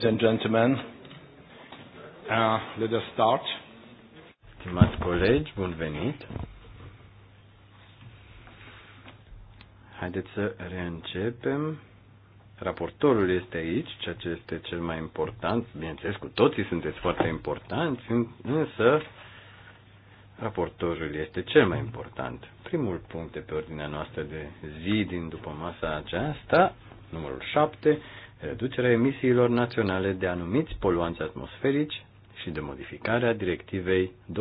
and gentlemen, uh, let us start. Stimați colegi, bun venit. Haideți să reîncepem. Raportorul este aici, ceea ce este cel mai important. Bineînțeles, cu toții sunteți foarte importanți, însă raportorul este cel mai important. Primul punct de pe ordinea noastră de zi din după masa aceasta, numărul 7, reducerea emisiilor naționale de anumiți poluanți atmosferici și de modificarea directivei 2003-35-CE.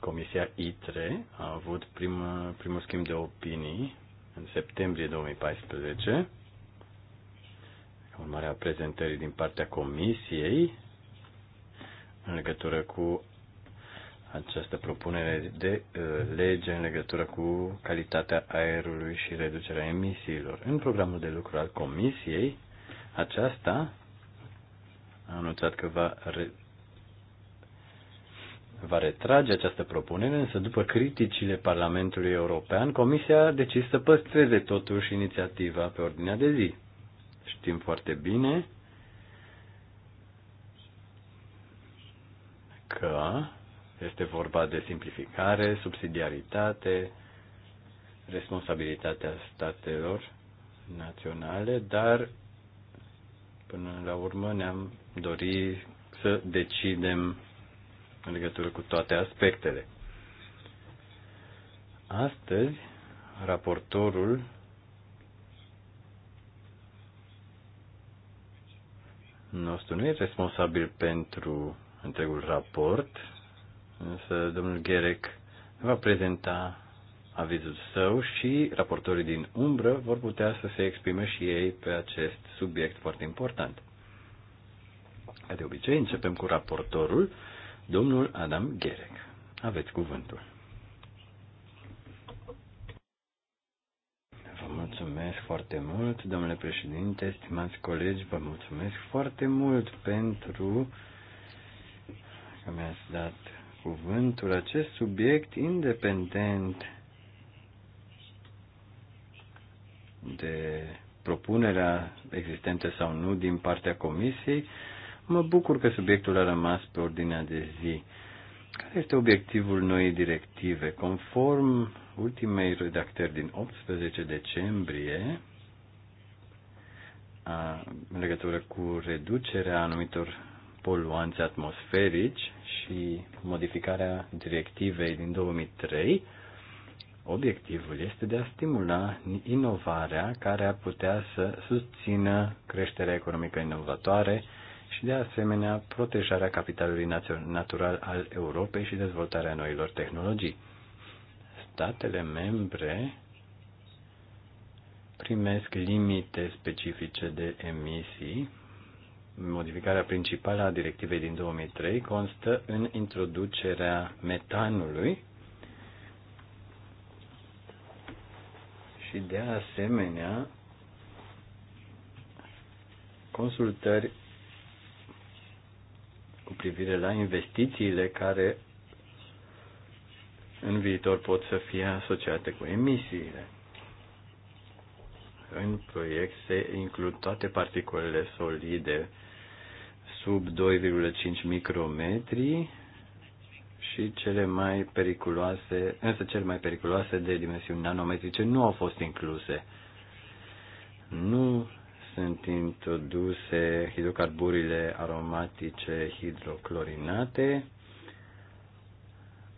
Comisia I I3 a avut prim, primul schimb de opinii în septembrie 2014, urmarea prezentării din partea Comisiei în legătură cu această propunere de uh, lege în legătură cu calitatea aerului și reducerea emisiilor. În programul de lucru al Comisiei, aceasta a anunțat că va, re, va retrage această propunere, însă după criticile Parlamentului European, Comisia a decis să păstreze totuși inițiativa pe ordinea de zi. Știm foarte bine că este vorba de simplificare, subsidiaritate, responsabilitatea statelor naționale, dar până la urmă ne-am dorit să decidem în legătură cu toate aspectele. Astăzi, raportorul nostru nu e responsabil pentru întregul raport, însă domnul Gherec va prezenta avizul său și raportorii din umbră vor putea să se exprime și ei pe acest subiect foarte important. Ca de obicei, începem cu raportorul, domnul Adam Gherec. Aveți cuvântul. Vă mulțumesc foarte mult, domnule președinte, stimați colegi, vă mulțumesc foarte mult pentru că mi-ați dat cuvântul acest subiect independent de propunerea existentă sau nu din partea comisiei, mă bucur că subiectul a rămas pe ordinea de zi. Care este obiectivul noii directive? Conform ultimei redactări din 18 decembrie, a, în legătură cu reducerea anumitor poluanți atmosferici și modificarea directivei din 2003, obiectivul este de a stimula inovarea care ar putea să susțină creșterea economică inovatoare și de asemenea protejarea capitalului natural al Europei și dezvoltarea noilor tehnologii. Statele membre primesc limite specifice de emisii modificarea principală a directivei din 2003 constă în introducerea metanului și de asemenea consultări cu privire la investițiile care în viitor pot să fie asociate cu emisiile. În proiect se includ toate particulele solide sub 2,5 micrometri și cele mai periculoase, însă cele mai periculoase de dimensiuni nanometrice nu au fost incluse. Nu sunt introduse hidrocarburile aromatice hidroclorinate.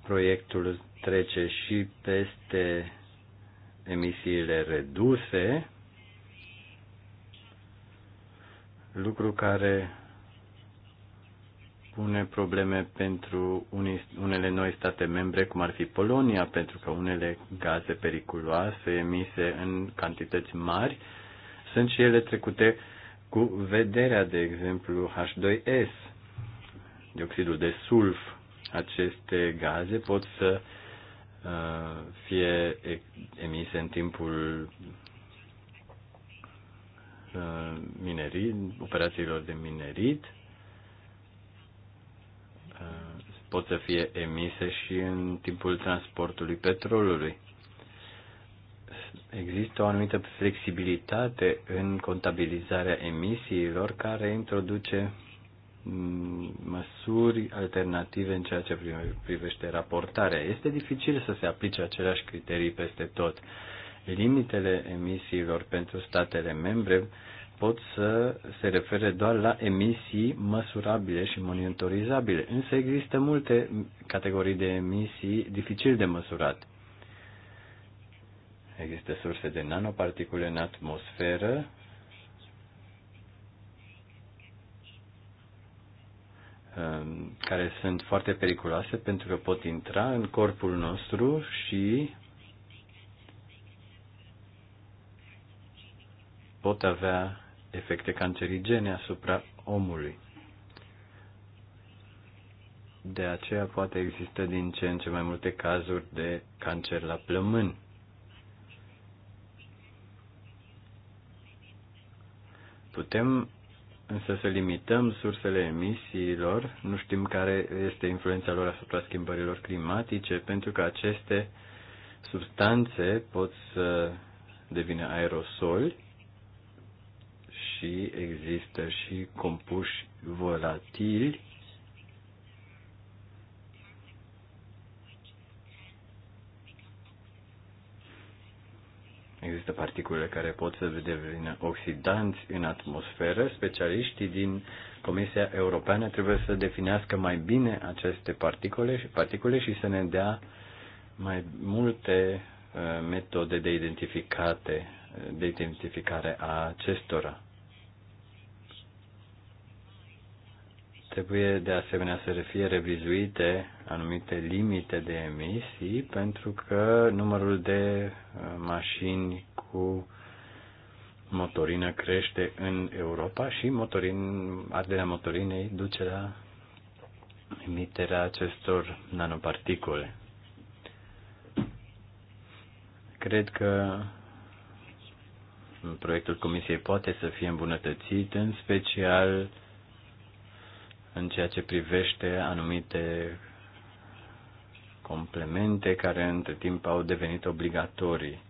Proiectul trece și peste emisiile reduse, lucru care pune probleme pentru unele noi state membre, cum ar fi Polonia, pentru că unele gaze periculoase emise în cantități mari sunt și ele trecute cu vederea, de exemplu, H2S, dioxidul de sulf. Aceste gaze pot să uh, fie emise în timpul uh, minerit, operațiilor de minerit, pot să fie emise și în timpul transportului petrolului. Există o anumită flexibilitate în contabilizarea emisiilor care introduce mm, măsuri alternative în ceea ce privește raportarea. Este dificil să se aplice aceleași criterii peste tot. Limitele emisiilor pentru statele membre pot să se refere doar la emisii măsurabile și monitorizabile, însă există multe categorii de emisii dificil de măsurat. Există surse de nanoparticule în atmosferă, care sunt foarte periculoase pentru că pot intra în corpul nostru și pot avea efecte cancerigene asupra omului. De aceea poate există din ce în ce mai multe cazuri de cancer la plămâni. Putem însă să limităm sursele emisiilor, nu știm care este influența lor asupra schimbărilor climatice, pentru că aceste substanțe pot să devină aerosoli și există și compuși volatili Există particule care pot să devină oxidanți în atmosferă. Specialiștii din Comisia Europeană trebuie să definească mai bine aceste particule și, particule și să ne dea mai multe uh, metode de, identificate, de identificare a acestora. Trebuie de asemenea să fie revizuite anumite limite de emisii pentru că numărul de uh, mașini cu motorină crește în Europa și motorin, arderea motorinei duce la emiterea acestor nanoparticule. Cred că proiectul Comisiei poate să fie îmbunătățit, în special în ceea ce privește anumite complemente care între timp au devenit obligatorii.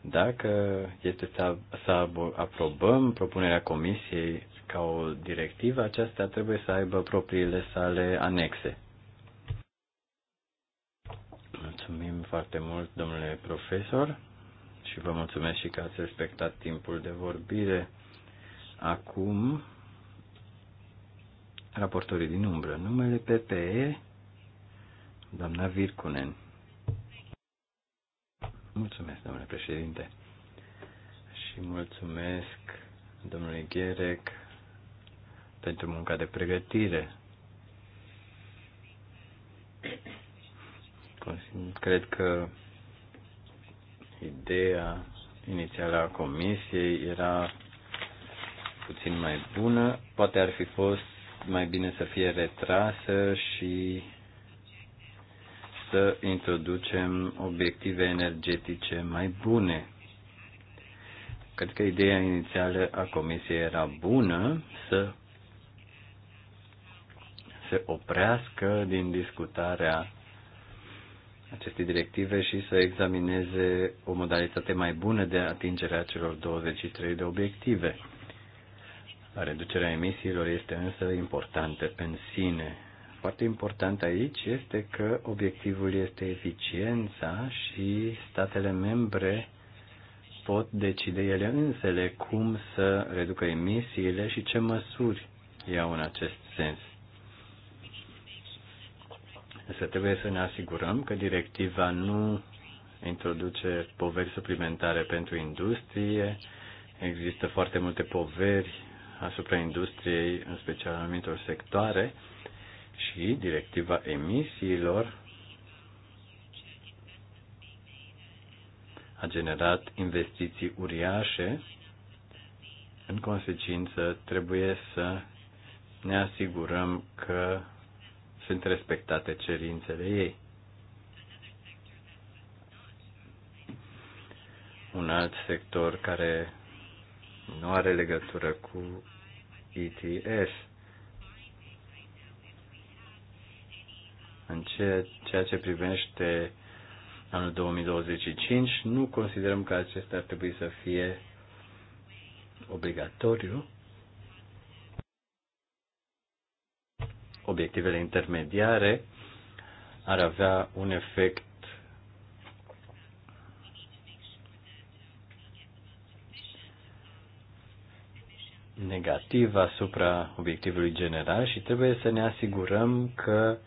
Dacă este să, să aprobăm propunerea Comisiei ca o directivă, aceasta trebuie să aibă propriile sale anexe. Mulțumim foarte mult, domnule profesor, și vă mulțumesc și că ați respectat timpul de vorbire. Acum raportorii din umbră. Numele PPE, doamna Virkunen. Mulțumesc, domnule președinte. Și mulțumesc domnului Gherec pentru munca de pregătire. Cred că ideea inițială a comisiei era puțin mai bună. Poate ar fi fost mai bine să fie retrasă și să introducem obiective energetice mai bune. Cred că ideea inițială a Comisiei era bună să se oprească din discutarea acestei directive și să examineze o modalitate mai bună de atingerea celor 23 de obiective. Reducerea emisiilor este însă importantă în sine. Foarte important aici este că obiectivul este eficiența și statele membre pot decide ele însele cum să reducă emisiile și ce măsuri iau în acest sens. Însă trebuie să ne asigurăm că directiva nu introduce poveri suplimentare pentru industrie. Există foarte multe poveri asupra industriei, în special anumitor sectoare, și directiva emisiilor a generat investiții uriașe. În consecință, trebuie să ne asigurăm că sunt respectate cerințele ei. Un alt sector care nu are legătură cu ETS. În ceea ce privește anul 2025, nu considerăm că acesta ar trebui să fie obligatoriu. Obiectivele intermediare ar avea un efect negativ asupra obiectivului general și trebuie să ne asigurăm că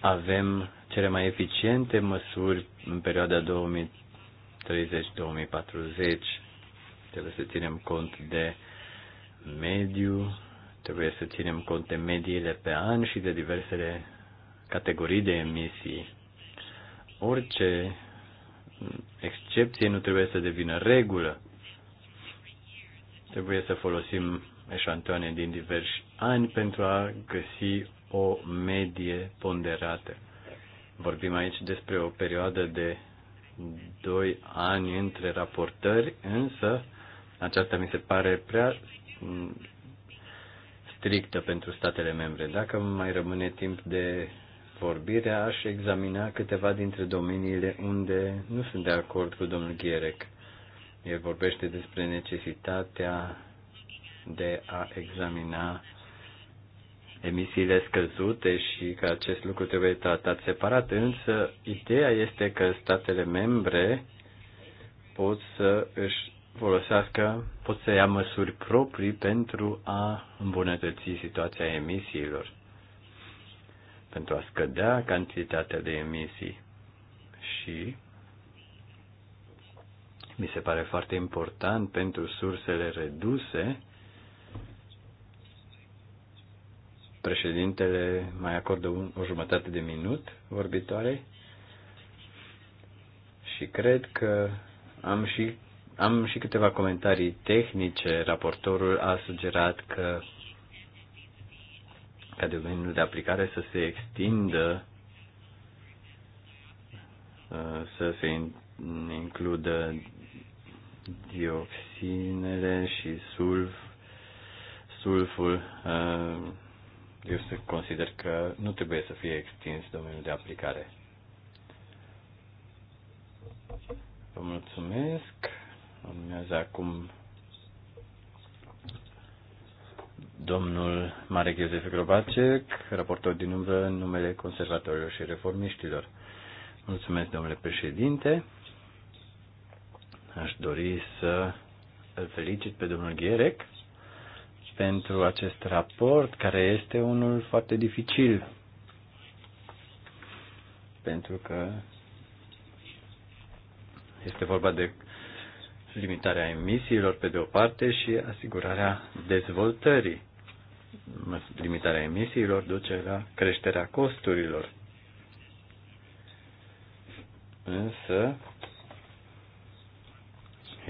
avem cele mai eficiente măsuri în perioada 2030-2040. Trebuie să ținem cont de mediu, trebuie să ținem cont de mediile pe an și de diversele categorii de emisii. Orice excepție nu trebuie să devină regulă. Trebuie să folosim eșantoane din diversi ani pentru a găsi o medie ponderată. Vorbim aici despre o perioadă de 2 ani între raportări, însă aceasta mi se pare prea mm, strictă pentru statele membre. Dacă mai rămâne timp de vorbire, aș examina câteva dintre domeniile unde nu sunt de acord cu domnul Gherec. El vorbește despre necesitatea de a examina emisiile scăzute și că acest lucru trebuie tratat separat, însă ideea este că statele membre pot să își folosească, pot să ia măsuri proprii pentru a îmbunătăți situația emisiilor, pentru a scădea cantitatea de emisii și mi se pare foarte important pentru sursele reduse. Președintele mai acordă un, o jumătate de minut vorbitoare. și cred că am și, am și câteva comentarii tehnice. Raportorul a sugerat că ca domeniul de aplicare să se extindă, să se includă dioxinele și sulf, sulful, uh, eu să consider că nu trebuie să fie extins domeniul de aplicare. Vă mulțumesc. Urmează acum domnul Marek Iosef Grobacek, raportor din umbră în numele conservatorilor și reformiștilor. Mulțumesc, domnule președinte. Aș dori să îl felicit pe domnul Gherec pentru acest raport, care este unul foarte dificil, pentru că este vorba de limitarea emisiilor pe de o parte și asigurarea dezvoltării. Limitarea emisiilor duce la creșterea costurilor. Însă,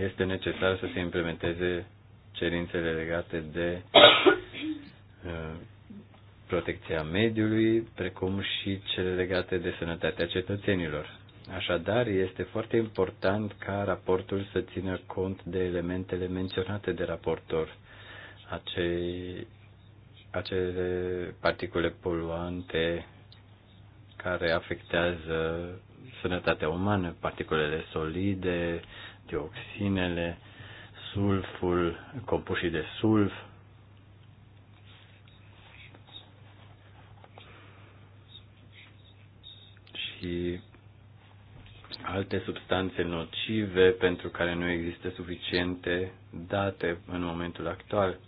este necesar să se implementeze cerințele legate de uh, protecția mediului, precum și cele legate de sănătatea cetățenilor. Așadar, este foarte important ca raportul să țină cont de elementele menționate de raportor, acei, acele particule poluante care afectează sănătatea umană, particulele solide, dioxinele, sulful, compușii de sulf, și alte substanțe nocive pentru care nu există suficiente date în momentul actual.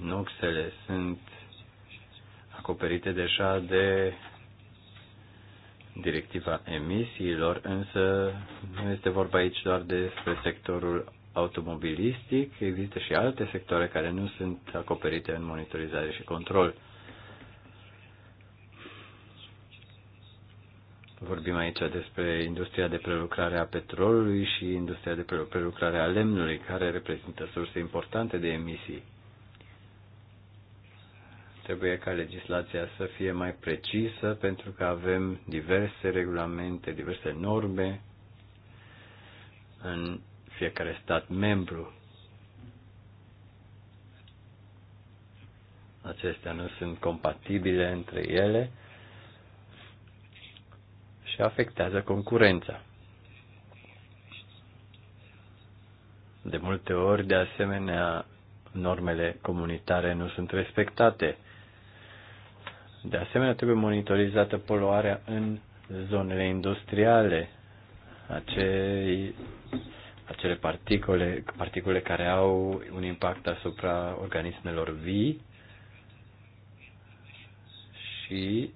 Noxele sunt acoperite deja de directiva emisiilor, însă nu este vorba aici doar despre sectorul automobilistic, există și alte sectoare care nu sunt acoperite în monitorizare și control. Vorbim aici despre industria de prelucrare a petrolului și industria de prelucrare a lemnului, care reprezintă surse importante de emisii. Trebuie ca legislația să fie mai precisă pentru că avem diverse regulamente, diverse norme în fiecare stat membru. Acestea nu sunt compatibile între ele și afectează concurența. De multe ori, de asemenea, normele comunitare nu sunt respectate de asemenea, trebuie monitorizată poluarea în zonele industriale. Acei, acele particule, particule care au un impact asupra organismelor vii și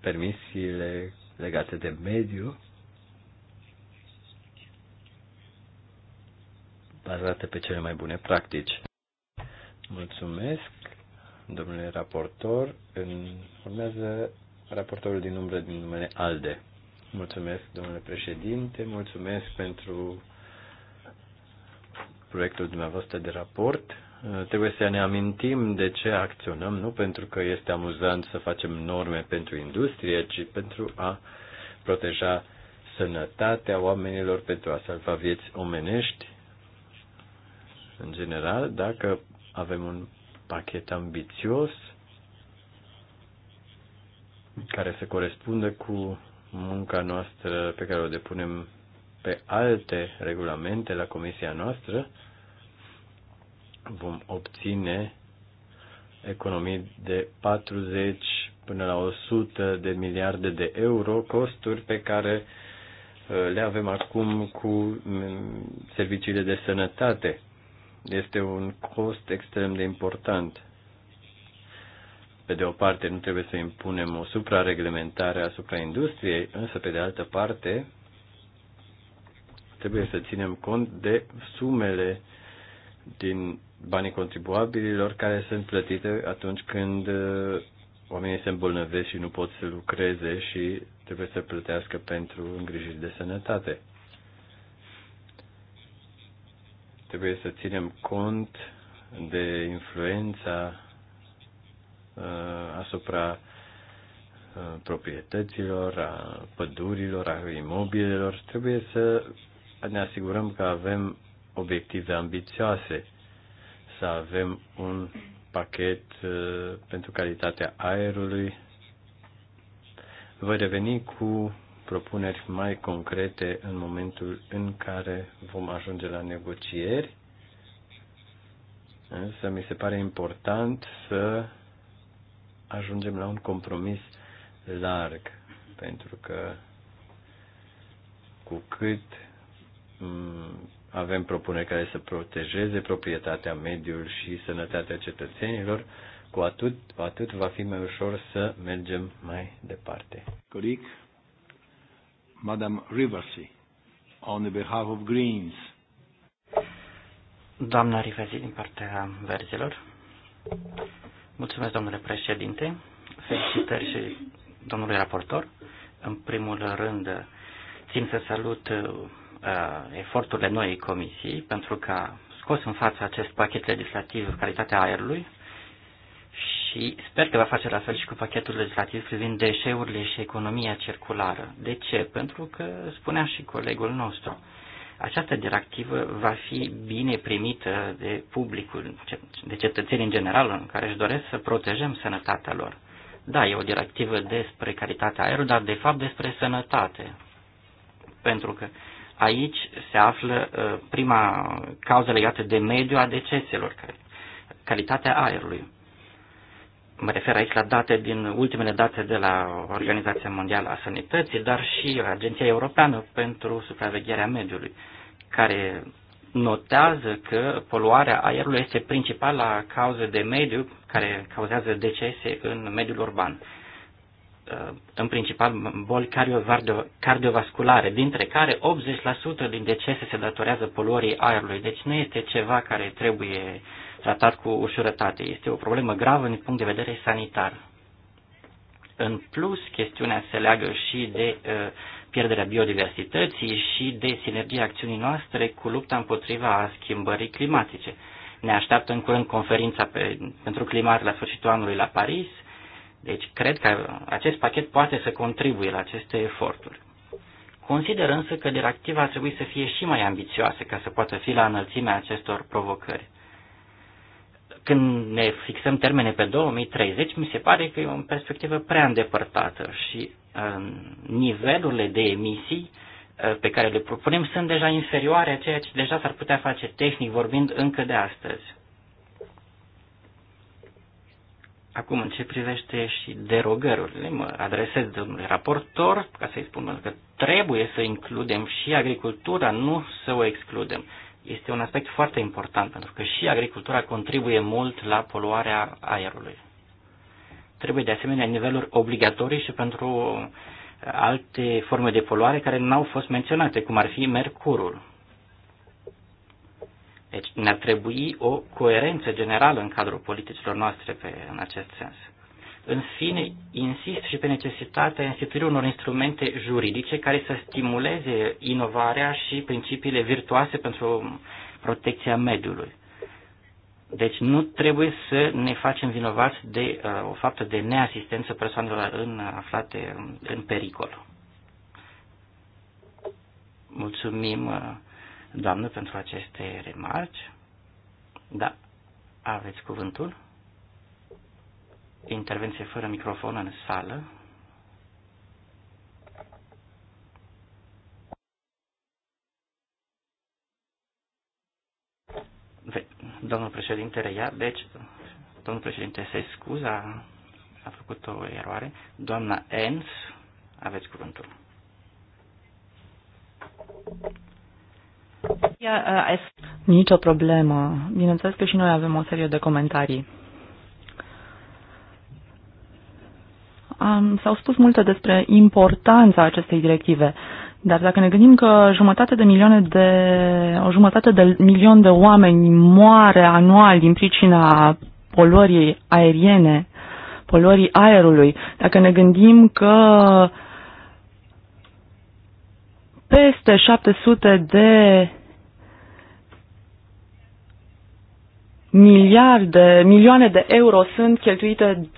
permisiile legate de mediu bazate pe cele mai bune practici. Mulțumesc, domnule raportor. În urmează raportorul din umbră din numele ALDE. Mulțumesc, domnule președinte, mulțumesc pentru proiectul dumneavoastră de raport. Trebuie să ne amintim de ce acționăm, nu pentru că este amuzant să facem norme pentru industrie, ci pentru a proteja sănătatea oamenilor, pentru a salva vieți omenești în general, dacă avem un pachet ambițios care să corespundă cu munca noastră pe care o depunem pe alte regulamente la comisia noastră, vom obține economii de 40 până la 100 de miliarde de euro, costuri pe care uh, le avem acum cu mm, serviciile de sănătate. Este un cost extrem de important. Pe de o parte, nu trebuie să impunem o suprareglementare asupra industriei, însă, pe de altă parte, trebuie să ținem cont de sumele din banii contribuabililor care sunt plătite atunci când uh, oamenii se îmbolnăvesc și nu pot să lucreze și trebuie să plătească pentru îngrijiri de sănătate. Trebuie să ținem cont de influența uh, asupra uh, proprietăților, a pădurilor, a imobilelor. Trebuie să ne asigurăm că avem obiective ambițioase, să avem un pachet uh, pentru calitatea aerului. Voi reveni cu propuneri mai concrete în momentul în care vom ajunge la negocieri. Însă mi se pare important să ajungem la un compromis larg, pentru că cu cât mm, avem propuneri care să protejeze proprietatea, mediul și sănătatea cetățenilor, cu atât, cu atât va fi mai ușor să mergem mai departe. Coric. Madame Riversy, on behalf of Greens. Doamna Riversy, din partea verzilor. Mulțumesc, domnule președinte. Felicitări și domnului raportor. În primul rând, țin să salut uh, eforturile noii comisii pentru că scos în față acest pachet legislativ calitatea aerului, și sper că va face la fel și cu pachetul legislativ privind deșeurile și economia circulară. De ce? Pentru că, spunea și colegul nostru, această directivă va fi bine primită de publicul, de cetățenii în general, în care își doresc să protejăm sănătatea lor. Da, e o directivă despre calitatea aerului, dar de fapt despre sănătate. Pentru că aici se află ă, prima cauză legată de mediu a deceselor, calitatea aerului mă refer aici la date din ultimele date de la Organizația Mondială a Sănătății, dar și Agenția Europeană pentru Supravegherea Mediului, care notează că poluarea aerului este principala cauză de mediu care cauzează decese în mediul urban. Uh, în principal boli cardiovasculare, dintre care 80% din decese se datorează poluării aerului. Deci nu este ceva care trebuie uh, tratat cu ușurătate. Este o problemă gravă din punct de vedere sanitar. În plus, chestiunea se leagă și de uh, pierderea biodiversității și de sinergia acțiunii noastre cu lupta împotriva schimbării climatice. Ne așteaptă în curând conferința pe, pentru climat la sfârșitul anului la Paris, deci cred că acest pachet poate să contribuie la aceste eforturi. Consider însă că directiva ar trebui să fie și mai ambițioasă ca să poată fi la înălțimea acestor provocări. Când ne fixăm termene pe 2030, mi se pare că e o perspectivă prea îndepărtată și uh, nivelurile de emisii uh, pe care le propunem sunt deja inferioare a ceea ce deja s-ar putea face tehnic vorbind încă de astăzi. Acum, în ce privește și derogărurile, mă adresez domnului raportor ca să-i spun că trebuie să includem și agricultura, nu să o excludem este un aspect foarte important, pentru că și agricultura contribuie mult la poluarea aerului. Trebuie de asemenea niveluri obligatorii și pentru uh, alte forme de poluare care n-au fost menționate, cum ar fi mercurul. Deci ne-ar trebui o coerență generală în cadrul politicilor noastre pe, în acest sens. În fine, insist și pe necesitatea instituirii unor instrumente juridice care să stimuleze inovarea și principiile virtuoase pentru protecția mediului. Deci nu trebuie să ne facem vinovați de uh, o faptă de neasistență persoanelor în, uh, aflate în pericol. Mulțumim, uh, doamnă, pentru aceste remarci. Da, aveți cuvântul. Intervenție fără microfon în sală. Domnul președinte reia, deci domnul președinte se scuza, a făcut o eroare. Doamna Ens, aveți cuvântul. Uh, Nici o problemă. Bineînțeles că și noi avem o serie de comentarii. um, s-au spus multe despre importanța acestei directive, dar dacă ne gândim că jumătate de milioane de, o jumătate de milion de oameni moare anual din pricina poluării aeriene, poluării aerului, dacă ne gândim că peste 700 de miliarde, milioane de euro sunt cheltuite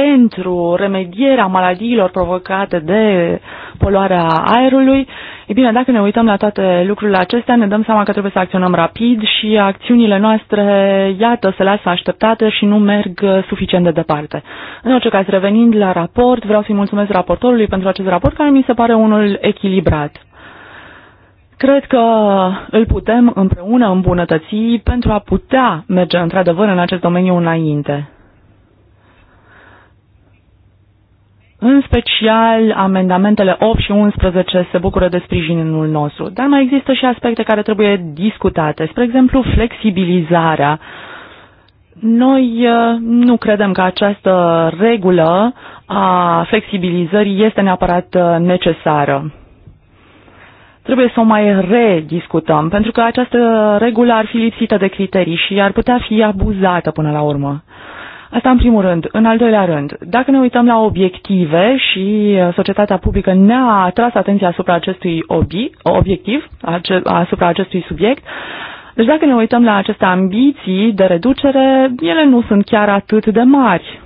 pentru remedierea maladiilor provocate de poluarea aerului, e bine, dacă ne uităm la toate lucrurile acestea, ne dăm seama că trebuie să acționăm rapid și acțiunile noastre, iată, se lasă așteptate și nu merg suficient de departe. În orice caz, revenind la raport, vreau să-i mulțumesc raportorului pentru acest raport care mi se pare unul echilibrat. Cred că îl putem împreună îmbunătăți pentru a putea merge într-adevăr în acest domeniu înainte. În special, amendamentele 8 și 11 se bucură de sprijinul nostru, dar mai există și aspecte care trebuie discutate, spre exemplu flexibilizarea. Noi uh, nu credem că această regulă a flexibilizării este neapărat uh, necesară trebuie să o mai rediscutăm, pentru că această regulă ar fi lipsită de criterii și ar putea fi abuzată până la urmă. Asta în primul rând. În al doilea rând, dacă ne uităm la obiective și uh, societatea publică ne-a atras atenția asupra acestui obi, obiectiv, asupra acestui subiect, deci dacă ne uităm la aceste ambiții de reducere, ele nu sunt chiar atât de mari.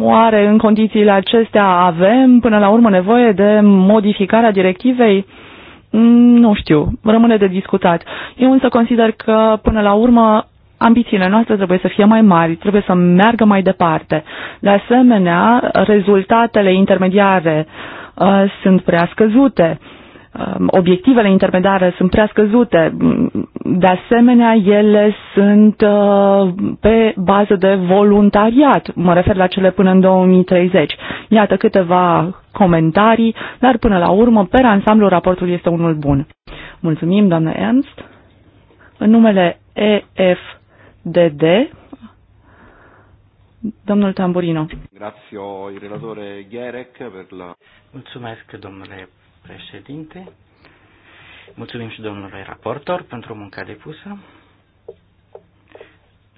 Oare în condițiile acestea avem până la urmă nevoie de modificarea directivei? Mm, nu știu, rămâne de discutat. Eu însă consider că până la urmă ambițiile noastre trebuie să fie mai mari, trebuie să meargă mai departe. De asemenea, rezultatele intermediare uh, sunt prea scăzute. Uh, obiectivele intermediare sunt prea scăzute, mm, de asemenea ele sunt uh, pe bază de voluntariat, mă refer la cele până în 2030. Iată câteva comentarii, dar până la urmă, pe ansamblu, raportul este unul bun. Mulțumim, doamnă Ernst. În numele EF DD. Domnul Tamburino. Grazie, il relatore per la... Mulțumesc, domnule președinte. Mulțumim și domnului raportor pentru munca depusă.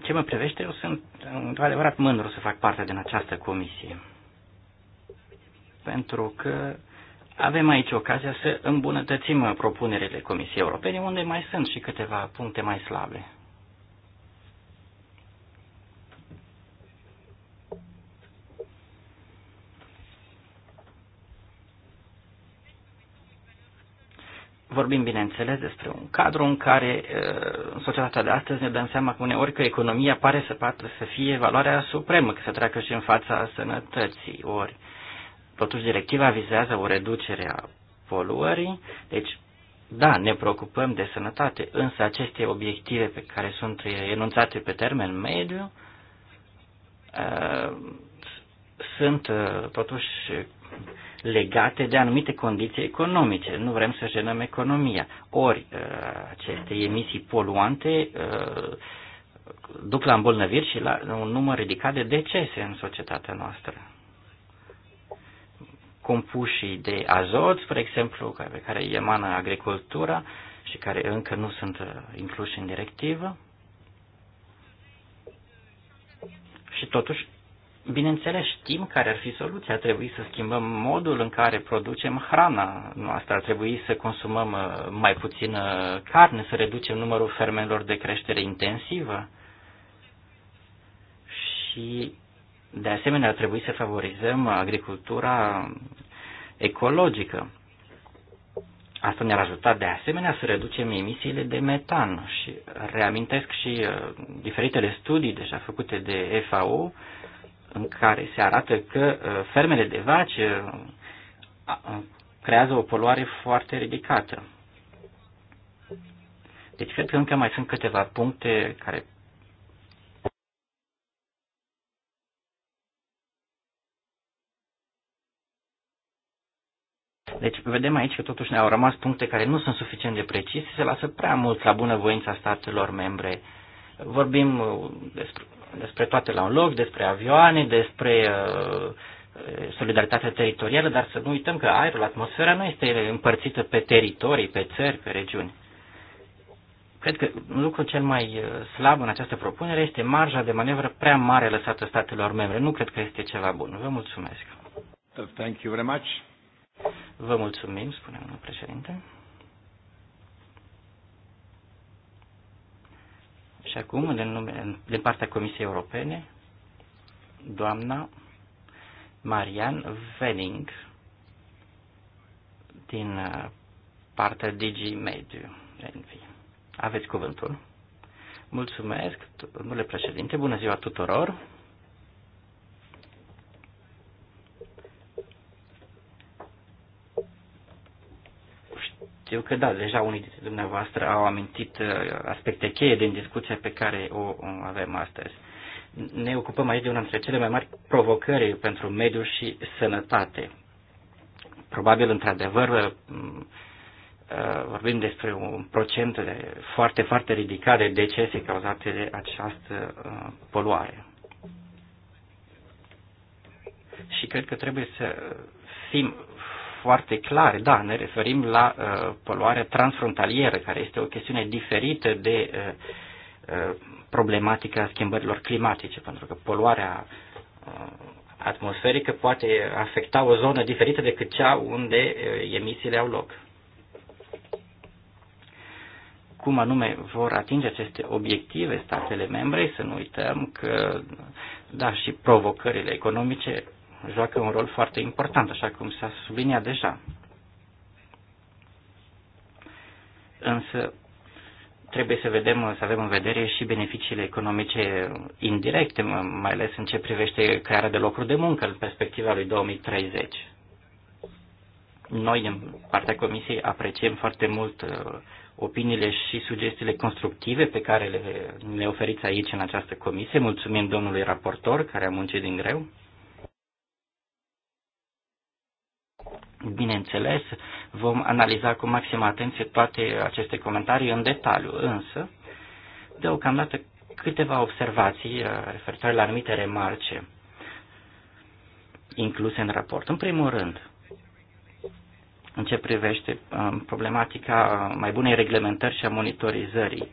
Ce mă privește, eu sunt într-adevărat mândru să fac parte din această comisie. Pentru că avem aici ocazia să îmbunătățim propunerile Comisiei Europene, unde mai sunt și câteva puncte mai slabe. Vorbim, bineînțeles, despre un cadru în care uh, în societatea de astăzi ne dăm seama că uneori că economia pare să, poată să fie valoarea supremă, că se treacă și în fața sănătății. Ori, totuși, directiva vizează o reducere a poluării, deci da, ne preocupăm de sănătate, însă aceste obiective pe care sunt enunțate pe termen mediu uh, sunt uh, totuși legate de anumite condiții economice. Nu vrem să jenăm economia. Ori uh, aceste emisii poluante uh, duc la îmbolnăviri și la un număr ridicat de decese în societatea noastră. Compușii de azot, spre exemplu, pe care emană agricultura și care încă nu sunt uh, incluși în directivă. Și totuși Bineînțeles, știm care ar fi soluția. Ar trebui să schimbăm modul în care producem hrana noastră. Ar trebui să consumăm uh, mai puțin uh, carne, să reducem numărul fermelor de creștere intensivă. Și, de asemenea, ar trebui să favorizăm agricultura ecologică. Asta ne-ar ajuta de asemenea să reducem emisiile de metan și reamintesc și uh, diferitele studii deja făcute de FAO în care se arată că uh, fermele de vaci uh, creează o poluare foarte ridicată. Deci cred că încă mai sunt câteva puncte care Deci vedem aici că totuși ne-au rămas puncte care nu sunt suficient de precise, se lasă prea mult la bunăvoința statelor membre. Vorbim uh, despre despre toate la un loc, despre avioane, despre uh, solidaritatea teritorială, dar să nu uităm că aerul, atmosfera nu este împărțită pe teritorii, pe țări, pe regiuni. Cred că lucrul cel mai uh, slab în această propunere este marja de manevră prea mare lăsată statelor membre. Nu cred că este ceva bun. Vă mulțumesc. Thank you very much. Vă mulțumim, spune domnul președinte. Și acum, din, nume, din partea Comisiei Europene, doamna Marian Venning din uh, partea DG Mediu. Aveți cuvântul. Mulțumesc, domnule președinte, bună ziua tuturor. Știu că, da, deja unii dintre dumneavoastră au amintit uh, aspecte cheie din discuția pe care o avem astăzi. Ne ocupăm aici de una dintre cele mai mari provocări pentru mediu și sănătate. Probabil, într-adevăr, uh, uh, vorbim despre un procent de foarte, foarte ridicat de decese cauzate de această poluare. Și cred că trebuie să fim foarte clare. Da, ne referim la uh, poluarea transfrontalieră, care este o chestiune diferită de uh, uh, problematica schimbărilor climatice, pentru că poluarea uh, atmosferică poate afecta o zonă diferită decât cea unde uh, emisiile au loc. Cum anume vor atinge aceste obiective statele membre, să nu uităm că, da, și provocările economice joacă un rol foarte important, așa cum s-a subliniat deja. Însă trebuie să vedem, să avem în vedere și beneficiile economice indirecte, mai ales în ce privește crearea de locuri de muncă în perspectiva lui 2030. Noi, în partea Comisiei, apreciem foarte mult uh, opiniile și sugestiile constructive pe care le, le oferiți aici în această comisie. Mulțumim domnului raportor care a muncit din greu. Bineînțeles, vom analiza cu maximă atenție toate aceste comentarii în detaliu, însă, deocamdată câteva observații uh, referitoare la anumite remarce incluse în raport. În primul rând, în ce privește um, problematica mai bunei reglementări și a monitorizării.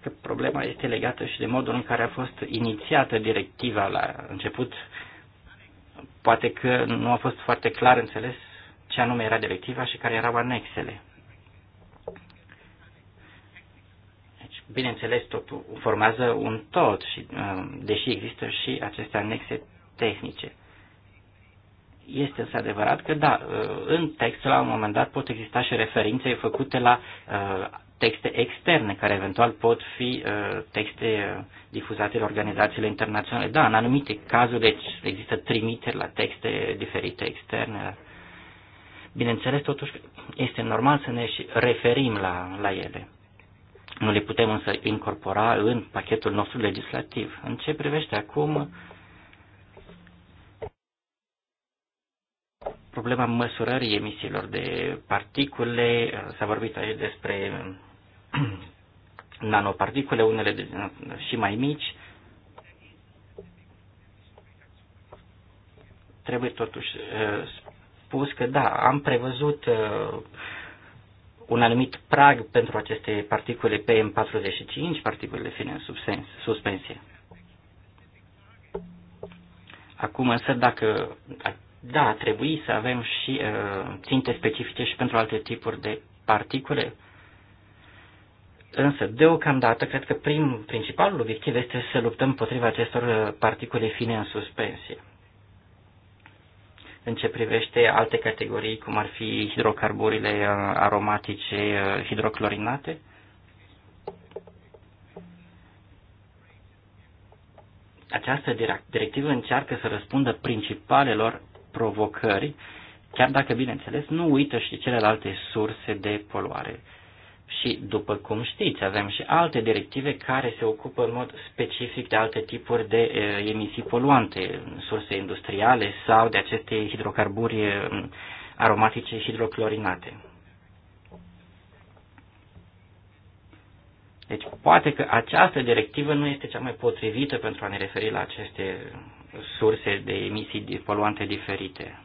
că problema este legată și de modul în care a fost inițiată directiva la început Poate că nu a fost foarte clar înțeles ce anume era directiva și care erau anexele. Deci, bineînțeles, totul formează un tot, și, uh, deși există și aceste anexe tehnice. Este însă adevărat că, da, uh, în text, la un moment dat, pot exista și referințe făcute la uh, texte externe, care eventual pot fi uh, texte uh, difuzate de organizațiile internaționale. Da, în anumite cazuri deci, există trimiteri la texte diferite externe. Bineînțeles, totuși, este normal să ne și referim la, la ele. Nu le putem însă incorpora în pachetul nostru legislativ. În ce privește acum problema măsurării emisiilor de particule, s-a vorbit aici despre nanoparticule, unele și mai mici. Trebuie totuși eh, spus că da, am prevăzut eh, un anumit prag pentru aceste particule PM45, particulele fine în suspensie. Acum însă dacă, da, trebuie să avem și uh, ținte specifice și pentru alte tipuri de particule, Însă, deocamdată, cred că prim, principalul obiectiv este să luptăm împotriva acestor uh, particule fine în suspensie. În ce privește alte categorii, cum ar fi hidrocarburile uh, aromatice uh, hidroclorinate, această directivă încearcă să răspundă principalelor provocări, chiar dacă, bineînțeles, nu uită și celelalte surse de poluare și, după cum știți, avem și alte directive care se ocupă în mod specific de alte tipuri de emisii poluante, surse industriale sau de aceste hidrocarburi aromatice hidroclorinate. Deci poate că această directivă nu este cea mai potrivită pentru a ne referi la aceste surse de emisii poluante diferite.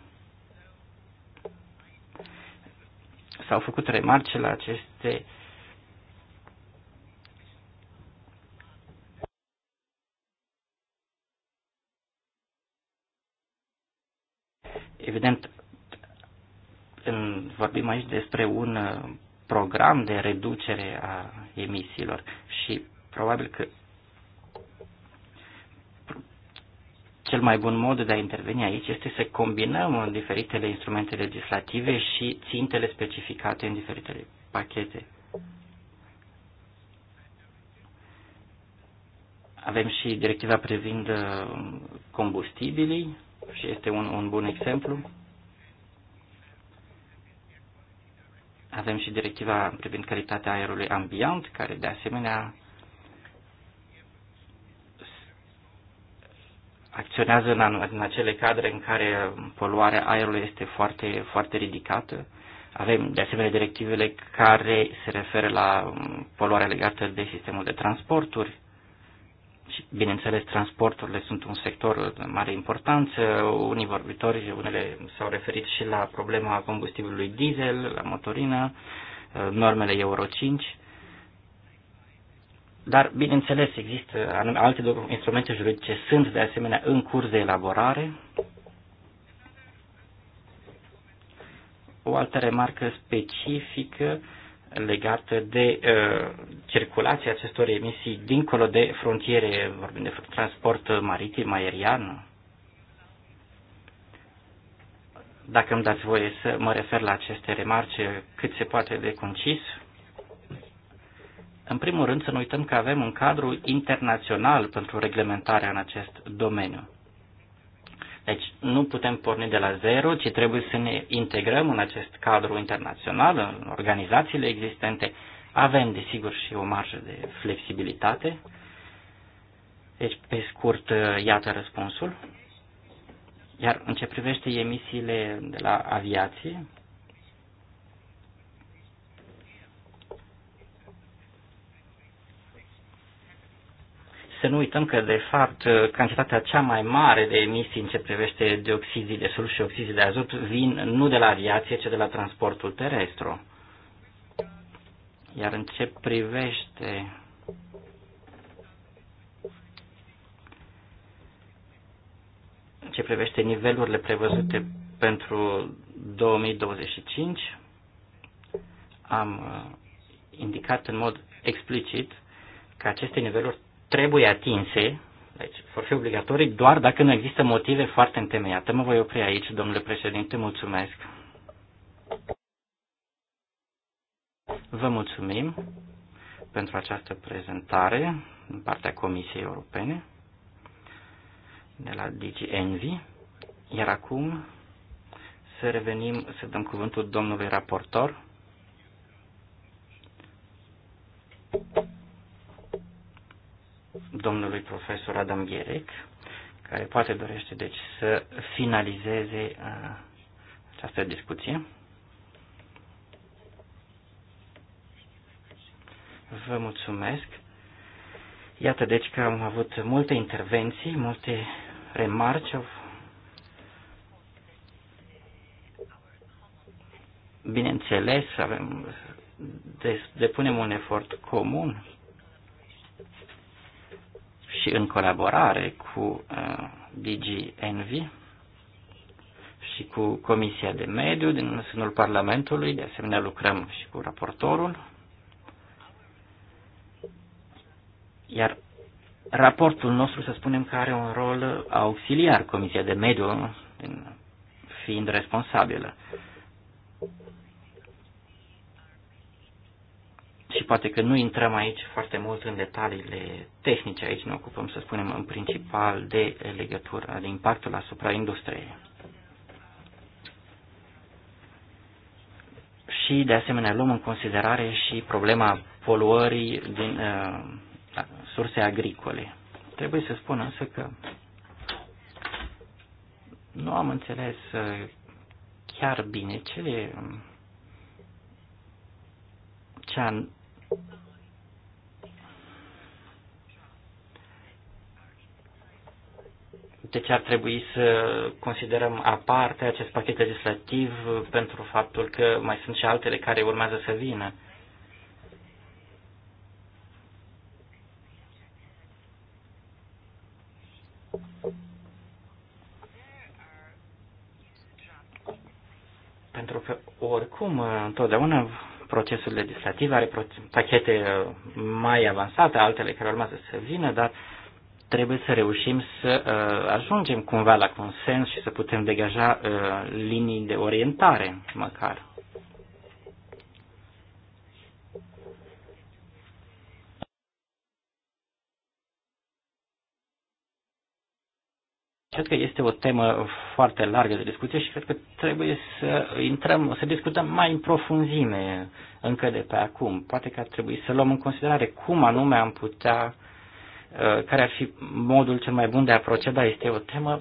s-au făcut remarce la aceste Evident, când vorbim aici despre un uh, program de reducere a emisiilor și probabil că cel mai bun mod de a interveni aici este să combinăm diferitele instrumente legislative și țintele specificate în diferitele pachete. Avem și directiva privind uh, combustibilii și este un, un bun exemplu. Avem și directiva privind calitatea aerului ambient, care de asemenea acționează în, în acele cadre în care poluarea aerului este foarte, foarte ridicată. Avem, de asemenea, directivele care se referă la um, poluarea legată de sistemul de transporturi. Și, bineînțeles, transporturile sunt un sector de mare importanță. Unii vorbitori, unele s-au referit și la problema combustibilului diesel, la motorină, uh, normele Euro 5. Dar, bineînțeles, există alte instrumente juridice, sunt de asemenea în curs de elaborare. O altă remarcă specifică legată de uh, circulația acestor emisii dincolo de frontiere, vorbim de transport maritim, aerian. Dacă îmi dați voie să mă refer la aceste remarce cât se poate de concis, uh, în primul rând să nu uităm că avem un cadru internațional pentru reglementarea în acest domeniu. Deci nu putem porni de la zero, ci trebuie să ne integrăm în acest cadru internațional, în organizațiile existente. Avem, desigur, și o marjă de flexibilitate. Deci, pe scurt, iată răspunsul. Iar în ce privește emisiile de la aviație, Să nu uităm că, de fapt, cantitatea cea mai mare de emisii în ce privește dioxizii de sulf și oxizii de azot vin nu de la aviație, ci de la transportul terestru. Iar în ce privește ce privește nivelurile prevăzute pentru 2025, am uh, indicat în mod explicit că aceste niveluri trebuie atinse, deci vor fi obligatorii doar dacă nu există motive foarte întemeiate. Mă voi opri aici, domnule președinte, mulțumesc. Vă mulțumim pentru această prezentare din partea Comisiei Europene de la DG Envy. Iar acum să revenim, să dăm cuvântul domnului raportor domnului profesor Adam Gherec, care poate dorește deci să finalizeze uh, această discuție. Vă mulțumesc. Iată deci că am avut multe intervenții, multe remarci. Bineînțeles, avem, depunem un efort comun și în colaborare cu uh, DG Envy și cu Comisia de Mediu din sânul Parlamentului, de asemenea lucrăm și cu raportorul. Iar raportul nostru, să spunem că are un rol auxiliar, Comisia de Mediu fiind responsabilă. Uh, poate că nu intrăm aici foarte mult în detaliile tehnice, aici ne ocupăm, să spunem, în principal de legătură, de impactul asupra industriei. Și, de asemenea, luăm în considerare și problema poluării din uh, da, surse agricole. Trebuie să spun însă că nu am înțeles uh, chiar bine um, ce, ce deci ar trebui să considerăm aparte acest pachet legislativ pentru faptul că mai sunt și altele care urmează să vină. Pentru că, oricum, întotdeauna procesul legislativ, are pachete uh, mai avansate, altele care urmează să vină, dar trebuie să reușim să uh, ajungem cumva la consens și să putem degaja uh, linii de orientare, măcar. Cred că este o temă foarte largă de discuție și cred că trebuie să intrăm, să discutăm mai în profunzime încă de pe acum. Poate că ar trebui să luăm în considerare cum anume am putea, uh, care ar fi modul cel mai bun de a proceda. Este o temă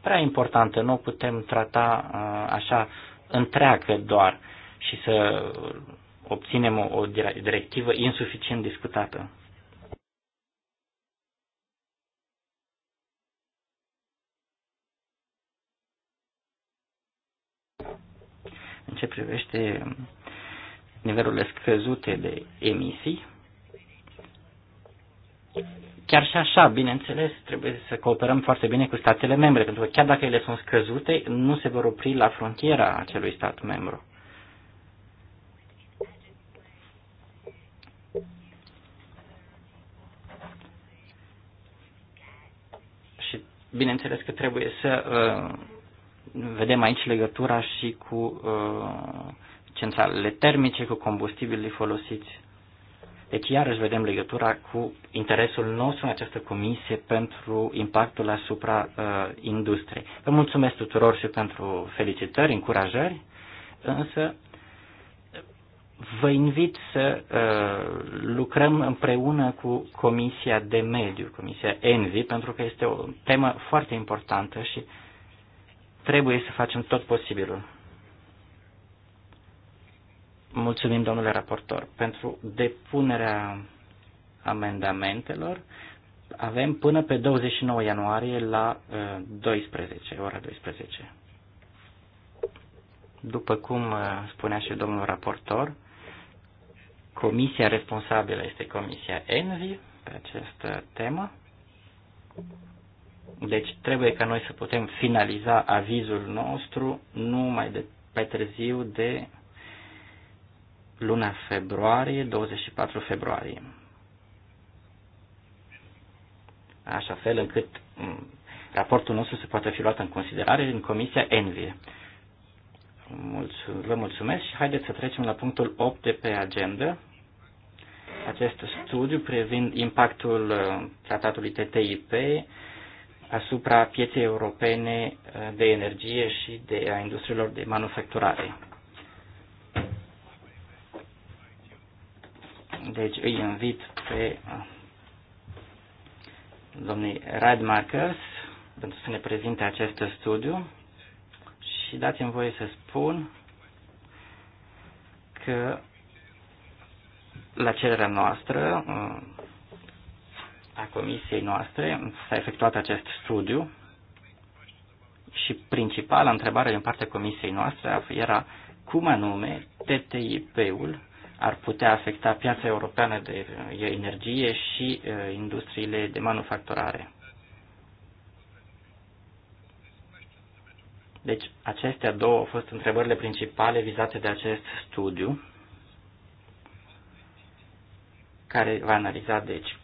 prea importantă, nu o putem trata uh, așa întreagă doar și să obținem o, o directivă insuficient discutată. în ce privește nivelurile scăzute de emisii. Chiar și așa, bineînțeles, trebuie să cooperăm foarte bine cu statele membre, pentru că chiar dacă ele sunt scăzute, nu se vor opri la frontiera acelui stat membru. și bineînțeles că trebuie să uh, vedem aici legătura și cu uh, centralele termice, cu combustibilii folosiți. Deci iarăși vedem legătura cu interesul nostru în această comisie pentru impactul asupra uh, industriei. Vă mulțumesc tuturor și pentru felicitări, încurajări, însă vă invit să uh, lucrăm împreună cu Comisia de Mediu, Comisia ENVI, pentru că este o temă foarte importantă și uh, Trebuie să facem tot posibilul. Mulțumim, domnule raportor, pentru depunerea amendamentelor. Avem până pe 29 ianuarie la 12, uh, ora 12. După cum uh, spunea și domnul raportor, comisia responsabilă este comisia ENVI pe această temă. Deci trebuie ca noi să putem finaliza avizul nostru numai de, pe târziu de luna februarie, 24 februarie. Așa fel încât raportul nostru se poate fi luat în considerare în Comisia Envie. Vă mulțumesc și haideți să trecem la punctul 8 de pe agenda. Acest studiu privind impactul uh, tratatului TTIP asupra pieței europene uh, de energie și de a industriilor de manufacturare. Deci îi invit pe uh, domnii Radmarkers pentru să ne prezinte acest studiu și dați-mi voie să spun că la cererea noastră uh, a comisiei noastre s-a efectuat acest studiu și principala întrebare din partea comisiei noastre era cum anume TTIP-ul ar putea afecta piața europeană de energie și industriile de manufacturare. Deci, acestea două au fost întrebările principale vizate de acest studiu, care va analiza, deci,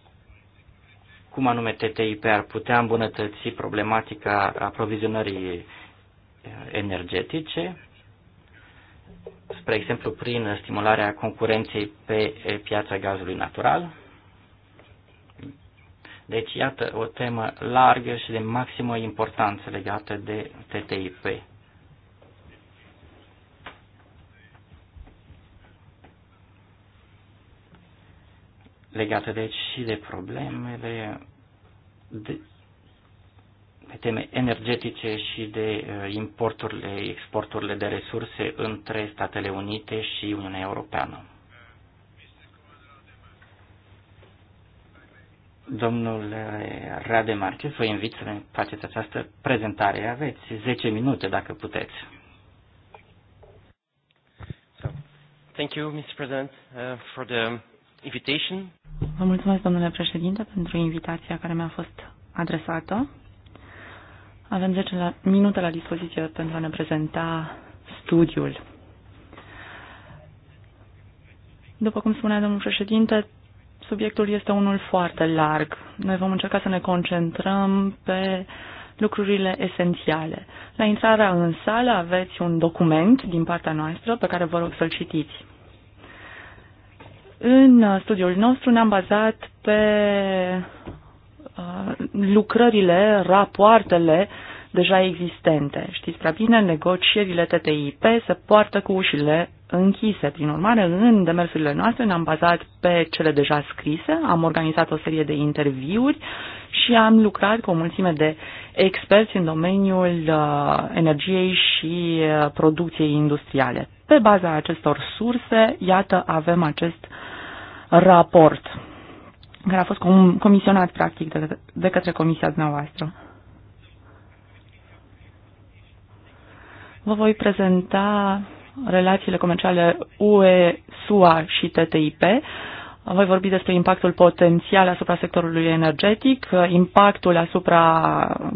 cum anume TTIP ar putea îmbunătăți problematica aprovizionării energetice, spre exemplu prin stimularea concurenței pe piața gazului natural. Deci, iată o temă largă și de maximă importanță legată de TTIP. legată deci și de problemele de, de teme energetice și de uh, importurile, exporturile de resurse între Statele Unite și Uniunea Europeană. Domnule uh, Rademarche, vă invit să ne faceți această prezentare. Aveți 10 minute, dacă puteți. So, thank you, Mr. President, uh, for the invitation. Vă mulțumesc, domnule președinte, pentru invitația care mi-a fost adresată. Avem 10 la, minute la dispoziție pentru a ne prezenta studiul. După cum spunea domnul președinte, subiectul este unul foarte larg. Noi vom încerca să ne concentrăm pe lucrurile esențiale. La intrarea în sală aveți un document din partea noastră pe care vă rog să-l citiți. În uh, studiul nostru ne-am bazat pe uh, lucrările, rapoartele deja existente. Știți prea bine, negocierile TTIP se poartă cu ușile închise. Prin urmare, în demersurile noastre ne-am bazat pe cele deja scrise, am organizat o serie de interviuri și am lucrat cu o mulțime de experți în domeniul uh, energiei și producției industriale. Pe baza acestor surse, iată, avem acest uh, raport care a fost comisionat practic de, de către comisia dumneavoastră. Vă voi prezenta relațiile comerciale UE-SUA și TTIP. Voi vorbi despre impactul potențial asupra sectorului energetic, impactul asupra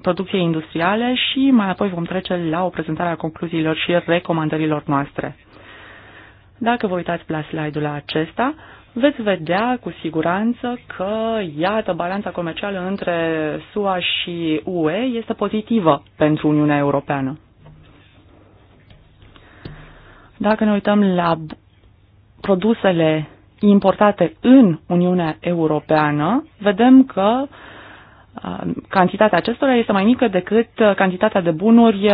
producției industriale și mai apoi vom trece la o prezentare a concluziilor și recomandărilor noastre. Dacă vă uitați la slide-ul acesta, veți vedea cu siguranță că, iată, balanța comercială între SUA și UE este pozitivă pentru Uniunea Europeană. Dacă ne uităm la produsele importate în Uniunea Europeană, vedem că um, cantitatea acestora este mai mică decât cantitatea de bunuri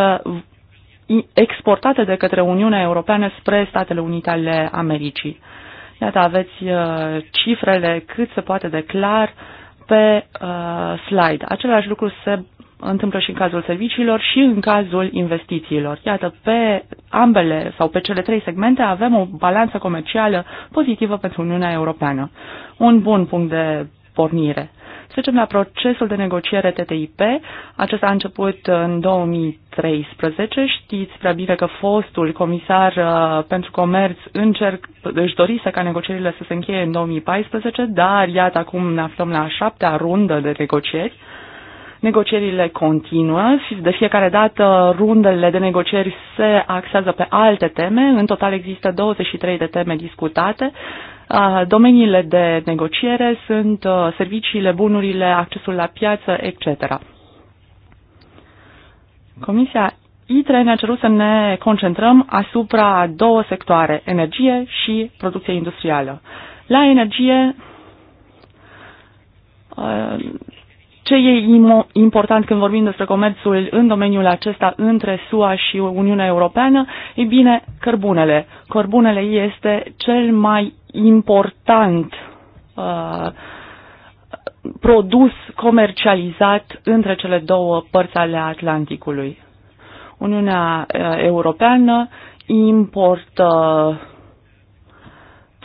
exportate de către Uniunea Europeană spre Statele Unite ale Americii. Iată, aveți uh, cifrele cât se poate de clar pe uh, slide. Același lucru se întâmplă și în cazul serviciilor și în cazul investițiilor. Iată, pe ambele sau pe cele trei segmente avem o balanță comercială pozitivă pentru Uniunea Europeană. Un bun punct de pornire. Trecem la procesul de negociere TTIP. Acesta a început în 2013. Știți prea bine că fostul comisar uh, pentru comerț încerc, își dorise ca negocierile să se încheie în 2014, dar iată acum ne aflăm la a șaptea rundă de negocieri. Negocierile continuă, de fiecare dată rundele de negocieri se axează pe alte teme, în total există 23 de teme discutate, domeniile de negociere sunt serviciile, bunurile, accesul la piață, etc. Comisia ITRE ne-a cerut să ne concentrăm asupra două sectoare, energie și producție industrială. La energie ce e important când vorbim despre comerțul în domeniul acesta între SUA și Uniunea Europeană? e bine, cărbunele. Cărbunele este cel mai important uh, produs comercializat între cele două părți ale Atlanticului. Uniunea uh, Europeană importă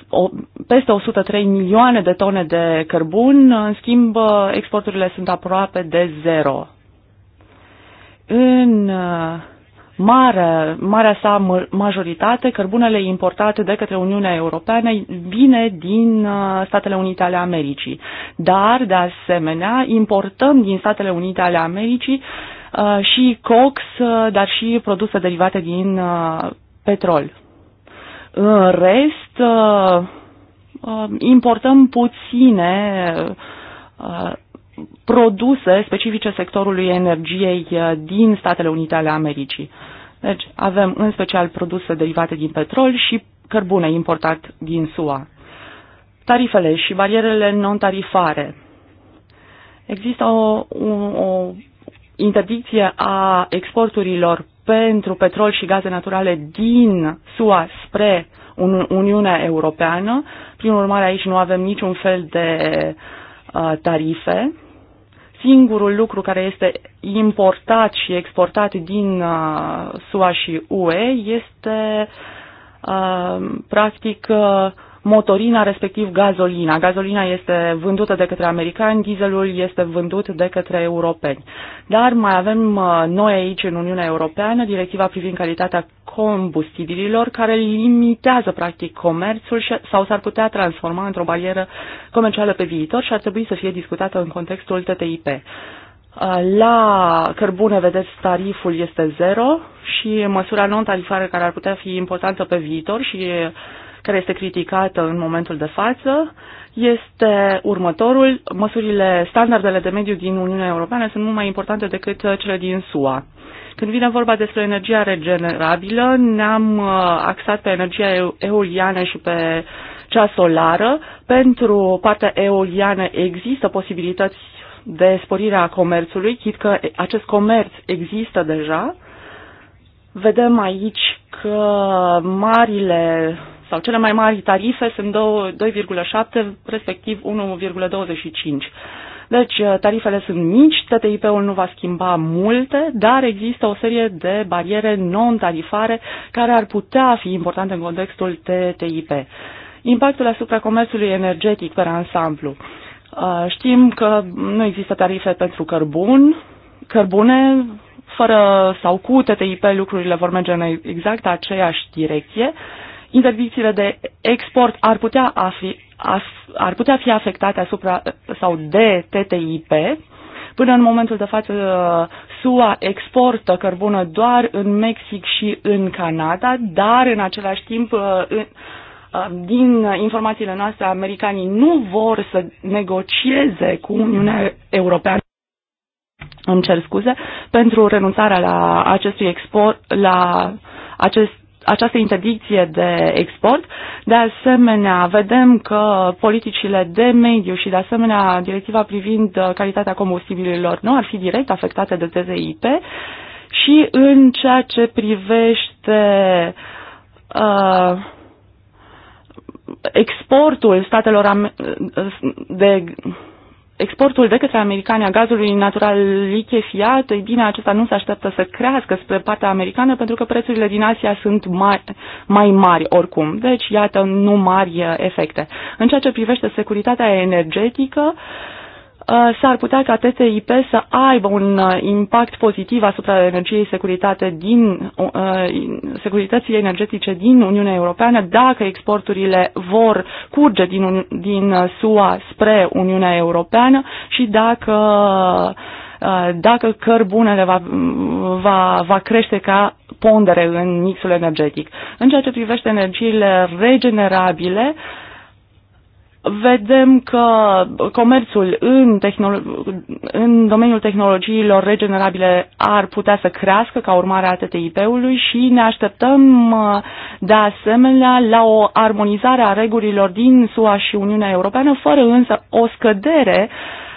o, peste 103 milioane de tone de cărbun, în schimb exporturile sunt aproape de zero. În uh, mare, marea sa majoritate, cărbunele importate de către Uniunea Europeană vine din uh, Statele Unite ale Americii. Dar, de asemenea, importăm din Statele Unite ale Americii uh, și cox, dar și produse derivate din petrol. În rest, uh, uh, importăm puține uh, produse specifice sectorului energiei din Statele Unite ale Americii. Deci avem în special produse derivate din petrol și cărbune importat din SUA. Tarifele și barierele non-tarifare. Există o, o, o interdicție a exporturilor pentru petrol și gaze naturale din SUA spre Uniunea Europeană. Prin urmare, aici nu avem niciun fel de uh, tarife. Singurul lucru care este importat și exportat din uh, SUA și UE este uh, practic motorina, respectiv gazolina. Gazolina este vândută de către americani, dieselul este vândut de către europeni. Dar mai avem uh, noi aici în Uniunea Europeană directiva privind calitatea combustibililor care limitează practic comerțul și, sau s-ar putea transforma într-o barieră comercială pe viitor și ar trebui să fie discutată în contextul TTIP. Uh, la cărbune, vedeți, tariful este zero și măsura non-tarifară care ar putea fi importantă pe viitor și care este criticată în momentul de față este următorul. Măsurile, standardele de mediu din Uniunea Europeană sunt mult mai importante decât cele din SUA. Când vine vorba despre energia regenerabilă, ne-am uh, axat pe energia eoliană și pe cea solară. Pentru partea eoliană există posibilități de sporire a comerțului, chit că acest comerț există deja. Vedem aici că marile sau cele mai mari tarife sunt 2,7 respectiv 1,25. Deci uh, tarifele sunt mici, TTIP-ul nu va schimba multe, dar există o serie de bariere non-tarifare care ar putea fi importante în contextul TTIP. Impactul asupra comerțului energetic pe ansamblu. Uh, știm că nu există tarife pentru cărbun, cărbune, fără sau cu TTIP lucrurile vor merge în exact aceeași direcție interdicțiile de export ar putea, afi, af, ar putea fi afectate asupra sau de TTIP. Până în momentul de față, SUA exportă cărbună doar în Mexic și în Canada, dar în același timp uh, uh, din informațiile noastre, americanii nu vor să negocieze cu Uniunea Europeană îmi cer scuze, pentru renunțarea la acestui export, la acest această interdicție de export. De asemenea, vedem că politicile de mediu și, de asemenea, directiva privind uh, calitatea combustibililor nu ar fi direct afectate de TZIP. și în ceea ce privește uh, exportul statelor de exportul de către americani a gazului natural lichefiat, ei bine, acesta nu se așteaptă să crească spre partea americană pentru că prețurile din Asia sunt mai, mai mari oricum. Deci, iată, nu mari eh, efecte. În ceea ce privește securitatea energetică, uh, Uh, s-ar putea ca TTIP să aibă un uh, impact pozitiv asupra energiei securitate din, uh, securității energetice din Uniunea Europeană dacă exporturile vor curge din, din SUA spre Uniunea Europeană și dacă dacă cărbunele va, va, va crește ca pondere în mixul energetic. În ceea ce privește energiile regenerabile, uh, vedem că comerțul în, tehnolo- în domeniul tehnologiilor regenerabile ar putea să crească ca urmare a TTIP-ului și ne așteptăm uh, de asemenea la o armonizare a regulilor din SUA și Uniunea Europeană, fără însă o scădere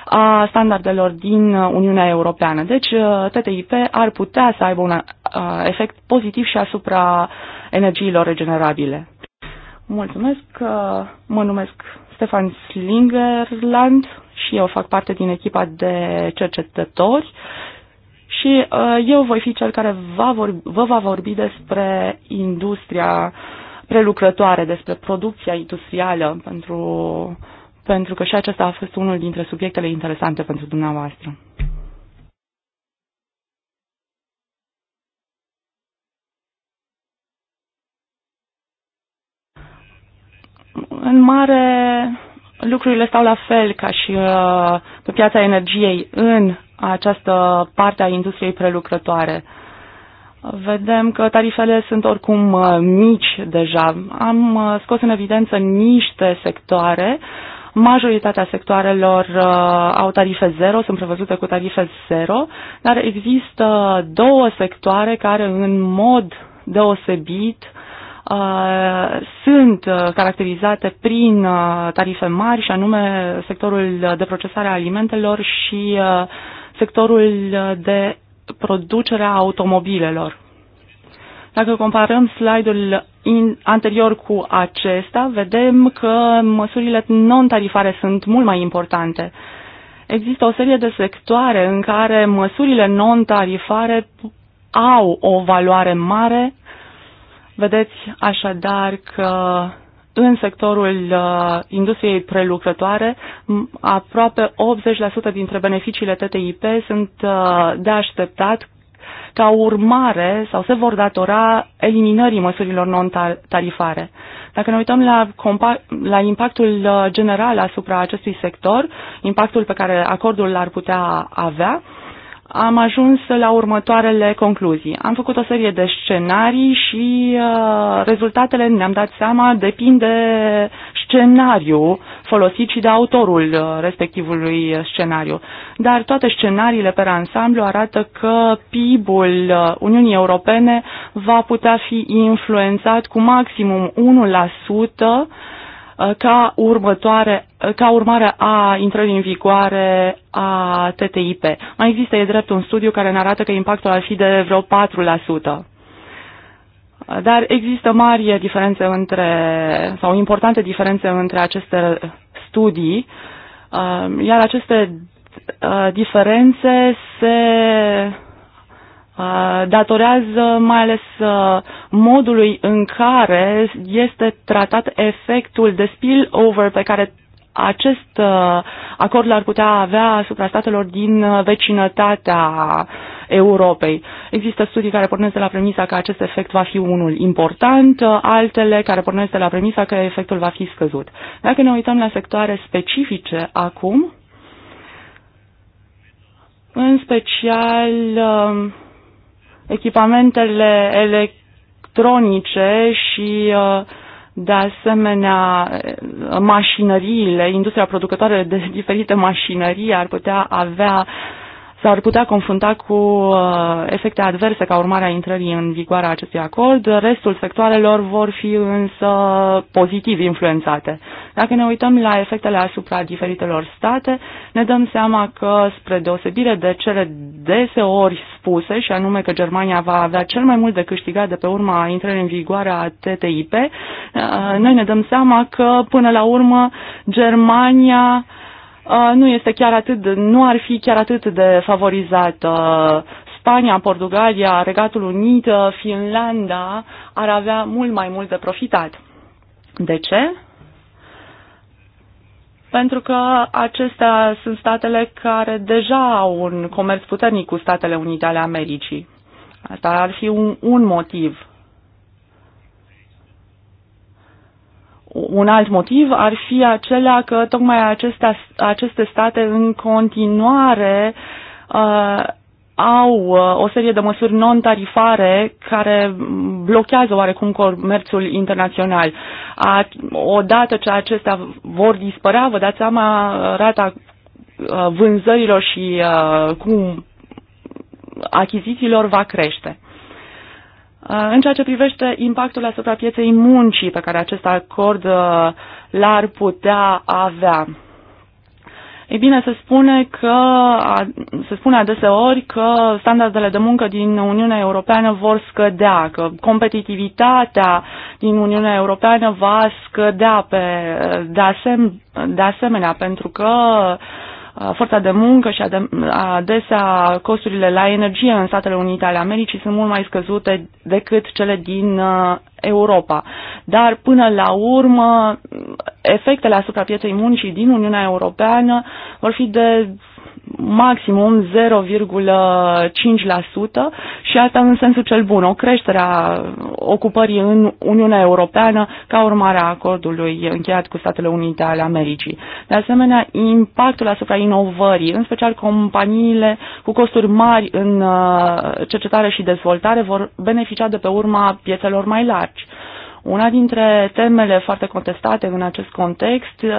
a standardelor din Uniunea Europeană. Deci uh, TTIP ar putea să aibă un uh, efect pozitiv și asupra energiilor regenerabile. Mulțumesc, mă numesc Stefan Slingerland și eu fac parte din echipa de cercetători și uh, eu voi fi cel care va vorbi, vă va vorbi despre industria prelucrătoare, despre producția industrială, pentru, pentru că și acesta a fost unul dintre subiectele interesante pentru dumneavoastră. În mare, lucrurile stau la fel ca și uh, pe piața energiei în această parte a industriei prelucrătoare. Vedem că tarifele sunt oricum uh, mici deja. Am uh, scos în evidență niște sectoare. Majoritatea sectoarelor au tarife zero, sunt prevăzute cu tarife zero, dar există două sectoare care în mod deosebit Uh, sunt uh, caracterizate prin uh, tarife mari și anume sectorul de procesare a alimentelor și sectorul de producere a automobilelor. Dacă comparăm slide-ul anterior cu acesta, vedem că măsurile non-tarifare sunt mult mai importante. Există o serie de sectoare în care măsurile non-tarifare au o valoare mare Vedeți așadar că în sectorul uh, industriei prelucrătoare, aproape 80% dintre beneficiile TTIP sunt uh, de așteptat ca urmare sau se vor datora eliminării măsurilor non-tarifare. Dacă ne uităm la, la impactul uh, general asupra acestui sector, impactul pe care acordul l-ar putea avea, am ajuns la următoarele concluzii. Am făcut o serie de scenarii și uh, rezultatele, ne-am dat seama, depinde scenariu folosit și de autorul uh, respectivului scenariu. Dar toate scenariile pe ansamblu arată că PIB-ul uh, Uniunii Europene va putea fi influențat cu maximum 1% Uh, ca, următoare, uh, ca urmare a intrării în vigoare a TTIP. Mai există, e drept, un studiu care ne arată că impactul ar fi de vreo 4%. Dar există mari diferențe între, sau importante diferențe între aceste studii, uh, iar aceste diferențe se Uh, datorează mai ales uh, modului în care este tratat efectul de spillover pe care acest uh, acord l-ar putea avea asupra statelor din vecinătatea Europei. Există studii care pornesc de la premisa că acest efect va fi unul important, altele care pornesc de la premisa că efectul va fi scăzut. Dacă ne uităm la sectoare specifice acum, în special echipamentele electronice și uh, de asemenea mașinăriile, industria producătoare de diferite mașinării ar putea avea s-ar putea confrunta cu uh, efecte adverse ca urmare a intrării în vigoare a acestui acord, restul sectoarelor vor fi însă pozitiv influențate. Dacă ne uităm la efectele asupra diferitelor state, ne dăm seama că, spre deosebire de cele deseori spuse, și anume că Germania va avea cel mai mult de câștigat de pe urma intrării în vigoare a TTIP, uh, noi ne dăm seama că, până la urmă, Germania Uh, nu este chiar atât, nu ar fi chiar atât de favorizată. Uh, Spania, Portugalia, Regatul Unit, uh, Finlanda ar avea mult mai mult de profitat. De ce? Pentru că acestea sunt statele care deja au un comerț puternic cu Statele Unite ale Americii. Asta ar fi un, un motiv. Un alt motiv ar fi acela că tocmai aceste, aceste state în continuare uh, au uh, o serie de măsuri non-tarifare care blochează oarecum comerțul internațional. A, odată ce acestea vor dispărea, vă dați seama, rata uh, vânzărilor și uh, cum achizițiilor va crește. Uh, în ceea ce privește impactul asupra pieței muncii pe care acest acord uh, l-ar putea avea. Ei bine, se spune, că, se spune adeseori că standardele de muncă din Uniunea Europeană vor scădea, că competitivitatea din Uniunea Europeană va scădea pe, de, asem, de asemenea, pentru că uh, forța de muncă și adesea costurile la energie în Statele Unite ale Americii sunt mult mai scăzute decât cele din Europa. Dar până la urmă, efectele asupra pieței muncii din Uniunea Europeană vor fi de maximum 0,5% și asta în sensul cel bun, o creștere a ocupării în Uniunea Europeană ca urmare a acordului încheiat cu Statele Unite ale Americii. De asemenea, impactul asupra inovării, în special companiile cu costuri mari în uh, cercetare și dezvoltare, vor beneficia de pe urma piețelor mai largi. Una dintre temele foarte contestate în acest context uh,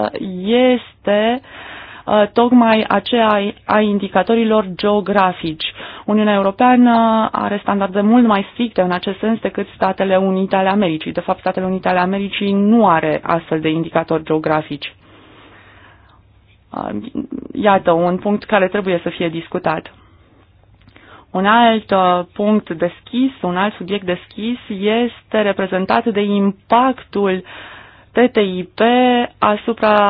este uh, Uh, tocmai aceea a indicatorilor geografici. Uniunea Europeană are standarde mult mai stricte în acest sens decât Statele Unite ale Americii. De fapt, Statele Unite ale Americii nu are astfel de indicatori geografici. Uh, iată un punct care trebuie să fie discutat. Un alt uh, punct deschis, un alt subiect deschis este reprezentat de impactul TTIP asupra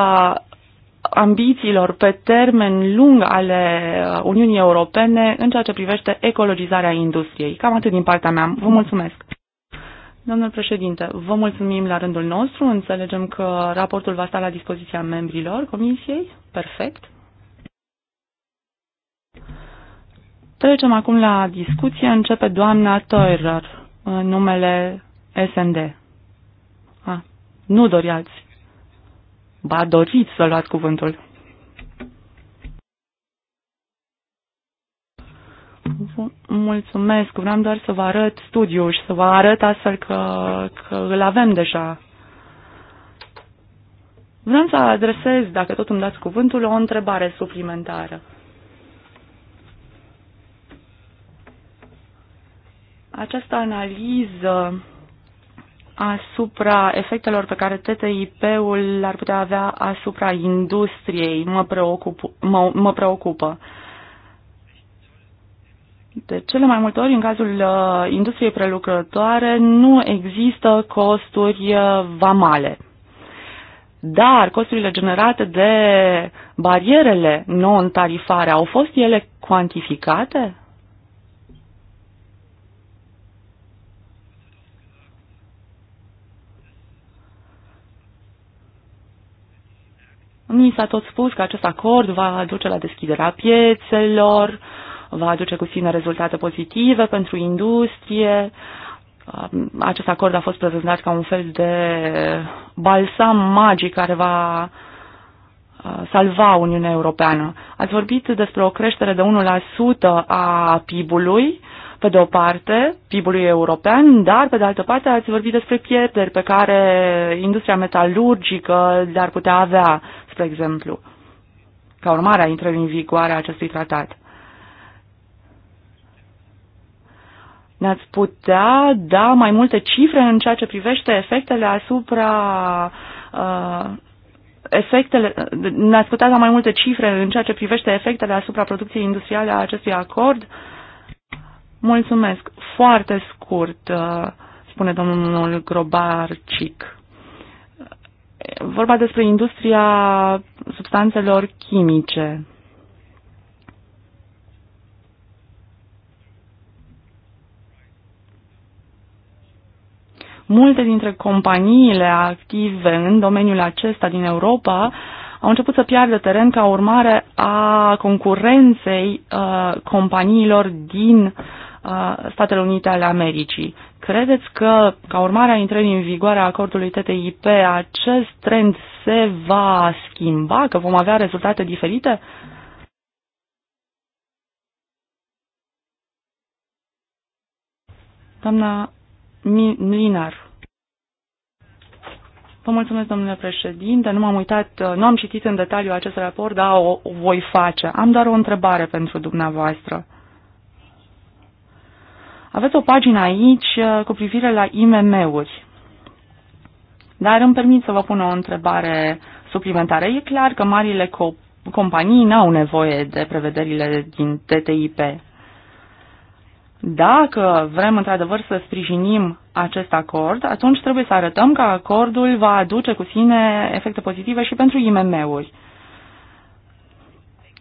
ambițiilor pe termen lung ale uh, Uniunii Europene în ceea ce privește ecologizarea industriei. Cam atât din partea mea. Vă mulțumesc! Domnul președinte, vă mulțumim la rândul nostru. Înțelegem că raportul va sta la dispoziția membrilor comisiei. Perfect. Trecem acum la discuție. Începe doamna Teurer, numele SND. A, ah, nu doriați Ba, doriți să luați cuvântul. Mulțumesc, vreau doar să vă arăt studiul și să vă arăt astfel că, că îl avem deja. Vreau să adresez, dacă tot îmi dați cuvântul, o întrebare suplimentară. Această analiză asupra efectelor pe care TTIP-ul l-ar putea avea asupra industriei mă, preocup, mă, mă preocupă. De cele mai multe ori, în cazul uh, industriei prelucrătoare, nu există costuri uh, vamale. Dar costurile generate de barierele non-tarifare au fost ele cuantificate? Mi s-a tot spus că acest acord va aduce la deschiderea piețelor, va aduce cu sine rezultate pozitive pentru industrie. Um, acest acord a fost prezentat ca un fel de balsam magic care va uh, salva Uniunea Europeană. Ați vorbit despre o creștere de 1% a PIB-ului, pe de o parte, PIB-ului european, dar pe de altă parte ați vorbit despre pierderi pe care industria metalurgică le-ar putea avea spre exemplu, ca urmare a intrării în vigoare a acestui tratat. Ne-ați putea da mai multe cifre în ceea ce privește efectele asupra uh, efectele, ne-ați putea da mai multe cifre în ceea ce privește efectele asupra producției industriale a acestui acord? Mulțumesc. Foarte scurt, uh, spune domnul Grobarcic vorba despre industria substanțelor chimice. Multe dintre companiile active în domeniul acesta din Europa au început să piardă teren ca urmare a concurenței uh, companiilor din uh, Statele Unite ale Americii. Credeți că, ca urmare a intrării în vigoare a acordului TTIP, acest trend se va schimba, că vom avea rezultate diferite? Doamna Linar. Vă mulțumesc, domnule președinte. Nu m-am uitat, nu am citit în detaliu acest raport, dar o, o voi face. Am doar o întrebare pentru dumneavoastră. Aveți o pagină aici uh, cu privire la IMM-uri. Dar îmi permit să vă pun o întrebare suplimentară. E clar că marile co- companii n-au nevoie de prevederile din TTIP. Dacă vrem într-adevăr să sprijinim acest acord, atunci trebuie să arătăm că acordul va aduce cu sine efecte pozitive și pentru IMM-uri.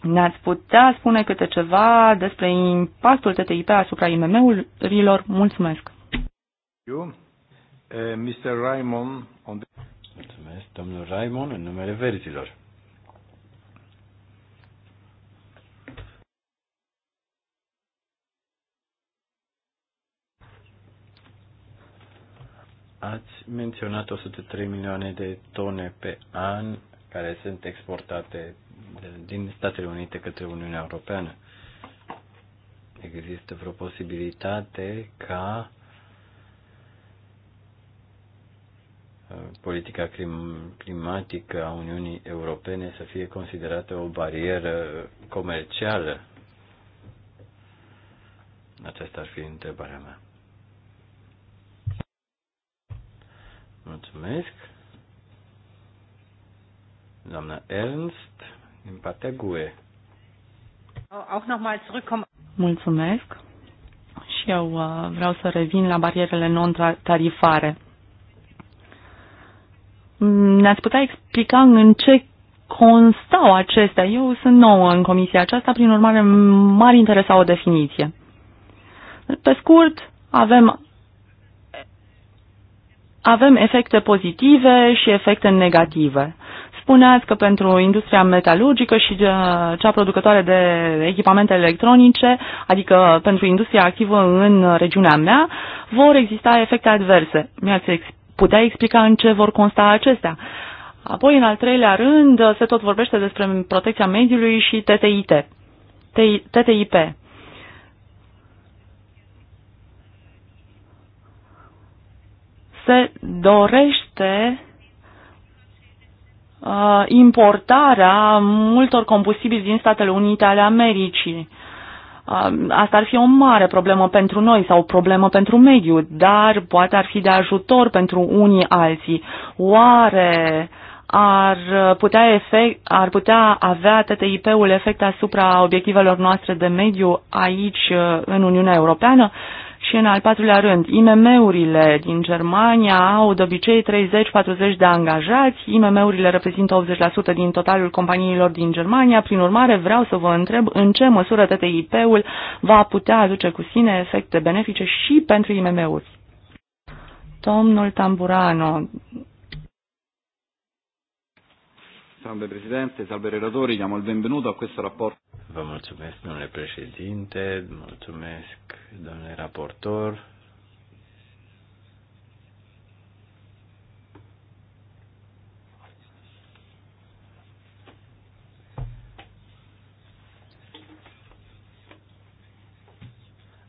Ne-ați putea spune câte ceva despre impactul TTIP asupra IMM-urilor? Mulțumesc! Eu, eh, Mr. Raymond, on the... Mulțumesc, domnul Raimon, în numele verzilor. Ați menționat 103 milioane de tone pe an care sunt exportate din Statele Unite către Uniunea Europeană. Există vreo posibilitate ca uh, politica clim- climatică a Uniunii Europene să fie considerată o barieră comercială? Aceasta ar fi întrebarea mea. Mulțumesc. Doamna Ernst în partea GUE. Mulțumesc. Și eu uh, vreau să revin la barierele non-tarifare. Mm, ne-ați putea explica în ce constau acestea? Eu sunt nouă în comisia aceasta, prin urmare m-ar interesa o definiție. Pe scurt, avem avem efecte pozitive și efecte negative. Spuneați că pentru industria metalurgică și uh, cea producătoare de echipamente electronice, adică pentru industria activă în regiunea mea, vor exista efecte adverse. Mi-ați putea explica în ce vor consta acestea? Apoi, în al treilea rând, se tot vorbește despre protecția mediului și TTIT. TTIP. Se dorește uh, importarea multor combustibili din Statele Unite ale Americii. Uh, asta ar fi o mare problemă pentru noi sau o problemă pentru mediu, dar poate ar fi de ajutor pentru unii alții. Oare ar putea, efect, ar putea avea TTIP-ul efect asupra obiectivelor noastre de mediu aici uh, în Uniunea Europeană? Uh, și în al patrulea rând, IMM-urile din Germania au de obicei 30-40 de angajați, IMM-urile reprezintă 80% din totalul companiilor din Germania, prin urmare vreau să vă întreb în ce măsură TTIP-ul va putea aduce cu sine efecte benefice și pentru IMM-uri. Domnul Tamburano. Salve Presidente, salve relatori, diamo il benvenuto a questo rapporto. Vă mulțumesc, domnule președinte, mulțumesc, domnule raportor.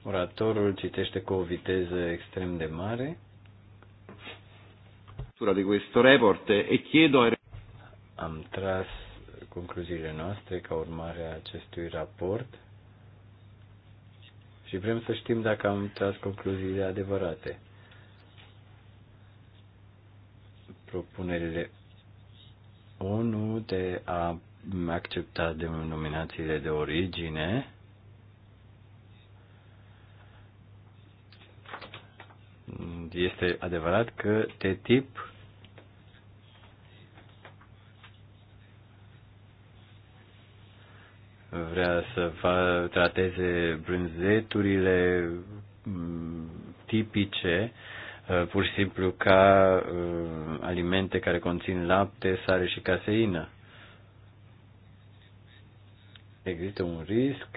Oratorul citește cu o viteză extrem de mare. e chiedo am tras concluziile noastre ca urmare a acestui raport și vrem să știm dacă am tras concluziile adevărate. Propunerile ONU de a accepta denominațiile de origine este adevărat că tip. vrea să va, trateze brânzeturile mm, tipice, uh, pur și simplu ca uh, alimente care conțin lapte, sare și caseină. Există un risc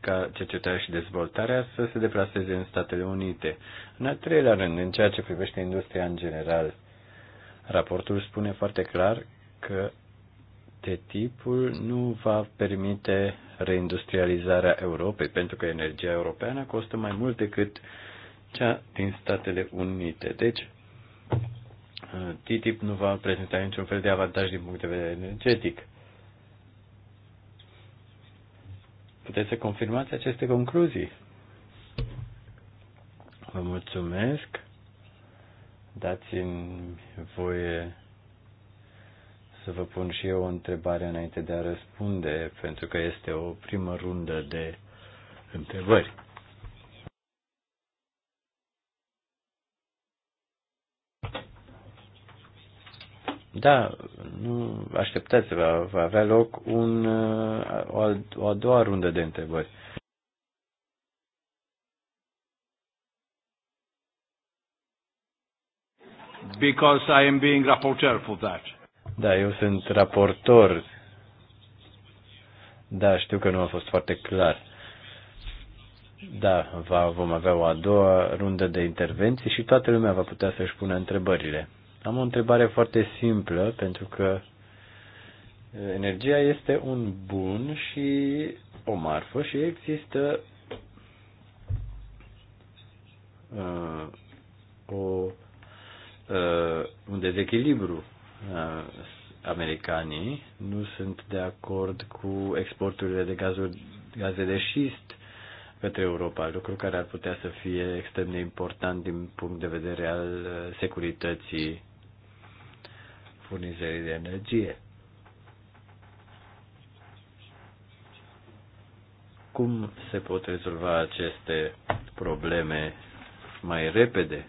ca cercetarea și dezvoltarea să se deplaseze în Statele Unite. În al treilea rând, în ceea ce privește industria în general, raportul spune foarte clar că de tipul nu va permite reindustrializarea Europei, pentru că energia europeană costă mai mult decât cea din Statele Unite. Deci, TTIP nu va prezenta niciun fel de avantaj din punct de vedere energetic. Puteți să confirmați aceste concluzii? Vă mulțumesc. Dați-mi voie să vă pun și eu o întrebare înainte de a răspunde, pentru că este o primă rundă de întrebări. Da, nu așteptați, va, va avea loc un, o, o a doua rundă de întrebări. Because I am being rapporteur for that. Da, eu sunt raportor. Da, știu că nu a fost foarte clar. Da, va, vom avea o a doua rundă de intervenții și toată lumea va putea să-și pună întrebările. Am o întrebare foarte simplă, pentru că energia este un bun și o marfă și există uh, o, uh, un dezechilibru Uh, americanii nu sunt de acord cu exporturile de gazuri, gaze de șist către Europa, lucru care ar putea să fie extrem de important din punct de vedere al uh, securității furnizării de energie. Cum se pot rezolva aceste probleme mai repede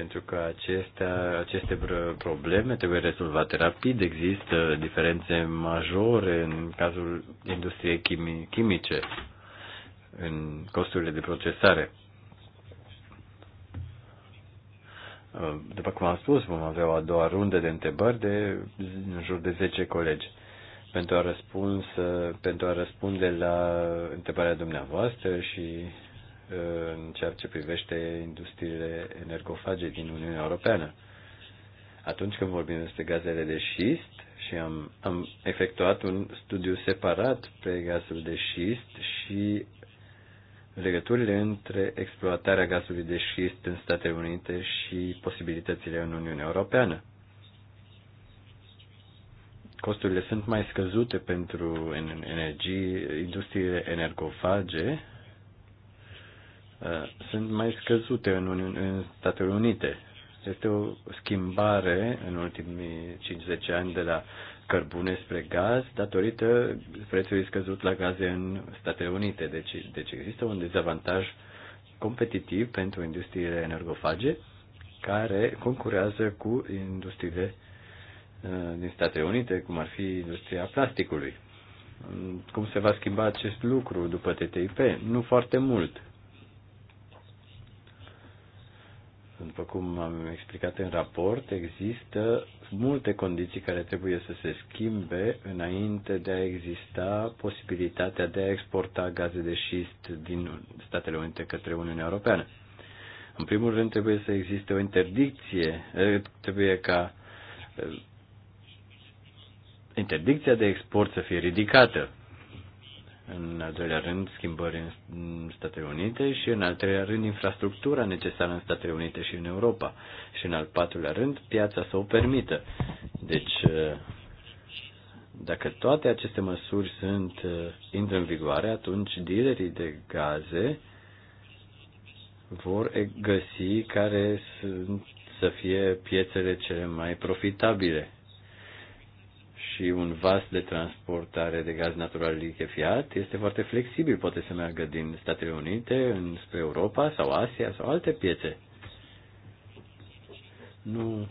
pentru că acestea, aceste probleme trebuie rezolvate rapid. Există diferențe majore în cazul industriei chimice, în costurile de procesare. După cum am spus, vom avea o a doua rundă de întrebări de în jur de 10 colegi pentru a, răspuns, pentru a răspunde la întrebarea dumneavoastră și în ceea ce privește industriile energofage din Uniunea Europeană. Atunci când vorbim despre gazele de șist și am, am efectuat un studiu separat pe gazul de șist și legăturile între exploatarea gazului de șist în Statele Unite și posibilitățile în Uniunea Europeană. Costurile sunt mai scăzute pentru energie, industriile energofage, Uh, sunt mai scăzute în, Uni- în Statele Unite. Este o schimbare în ultimii 50 ani de la cărbune spre gaz datorită prețului scăzut la gaze în Statele Unite. Deci, deci există un dezavantaj competitiv pentru industriile energofage care concurează cu industriile uh, din Statele Unite, cum ar fi industria plasticului. Cum se va schimba acest lucru după TTIP? Nu foarte mult După cum am explicat în raport, există multe condiții care trebuie să se schimbe înainte de a exista posibilitatea de a exporta gaze de șist din Statele Unite către Uniunea Europeană. În primul rând trebuie să existe o interdicție, trebuie ca interdicția de export să fie ridicată în al doilea rând schimbări în Statele Unite și în al treilea rând infrastructura necesară în Statele Unite și în Europa și în al patrulea rând piața să o permită. Deci eh, dacă toate aceste măsuri sunt eh, intră în vigoare, atunci dealerii de gaze vor găsi care sunt să fie piețele cele mai profitabile și un vas de transportare de gaz natural lichefiat este foarte flexibil, poate să meargă din Statele Unite înspre Europa sau Asia sau alte piețe. Nu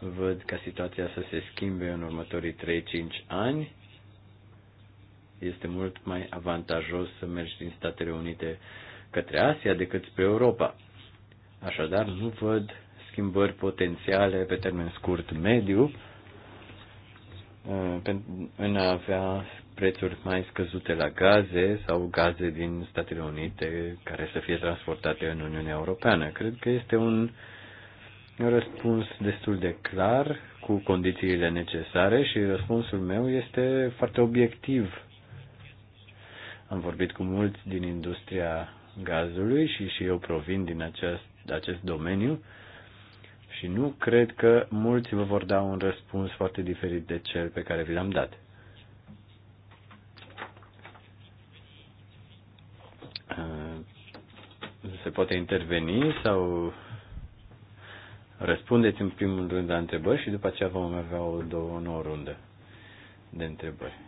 văd ca situația să se schimbe în următorii 3-5 ani. Este mult mai avantajos să mergi din Statele Unite către Asia decât spre Europa. Așadar, nu văd schimbări potențiale pe termen scurt mediu Uh, în a avea prețuri mai scăzute la gaze sau gaze din Statele Unite care să fie transportate în Uniunea Europeană. Cred că este un răspuns destul de clar cu condițiile necesare și răspunsul meu este foarte obiectiv. Am vorbit cu mulți din industria gazului și și eu provin din acest, acest domeniu și nu cred că mulți vă vor da un răspuns foarte diferit de cel pe care vi l-am dat. Uh, se poate interveni sau răspundeți în primul rând la întrebări și după aceea vom avea o, două, o nouă rundă de întrebări.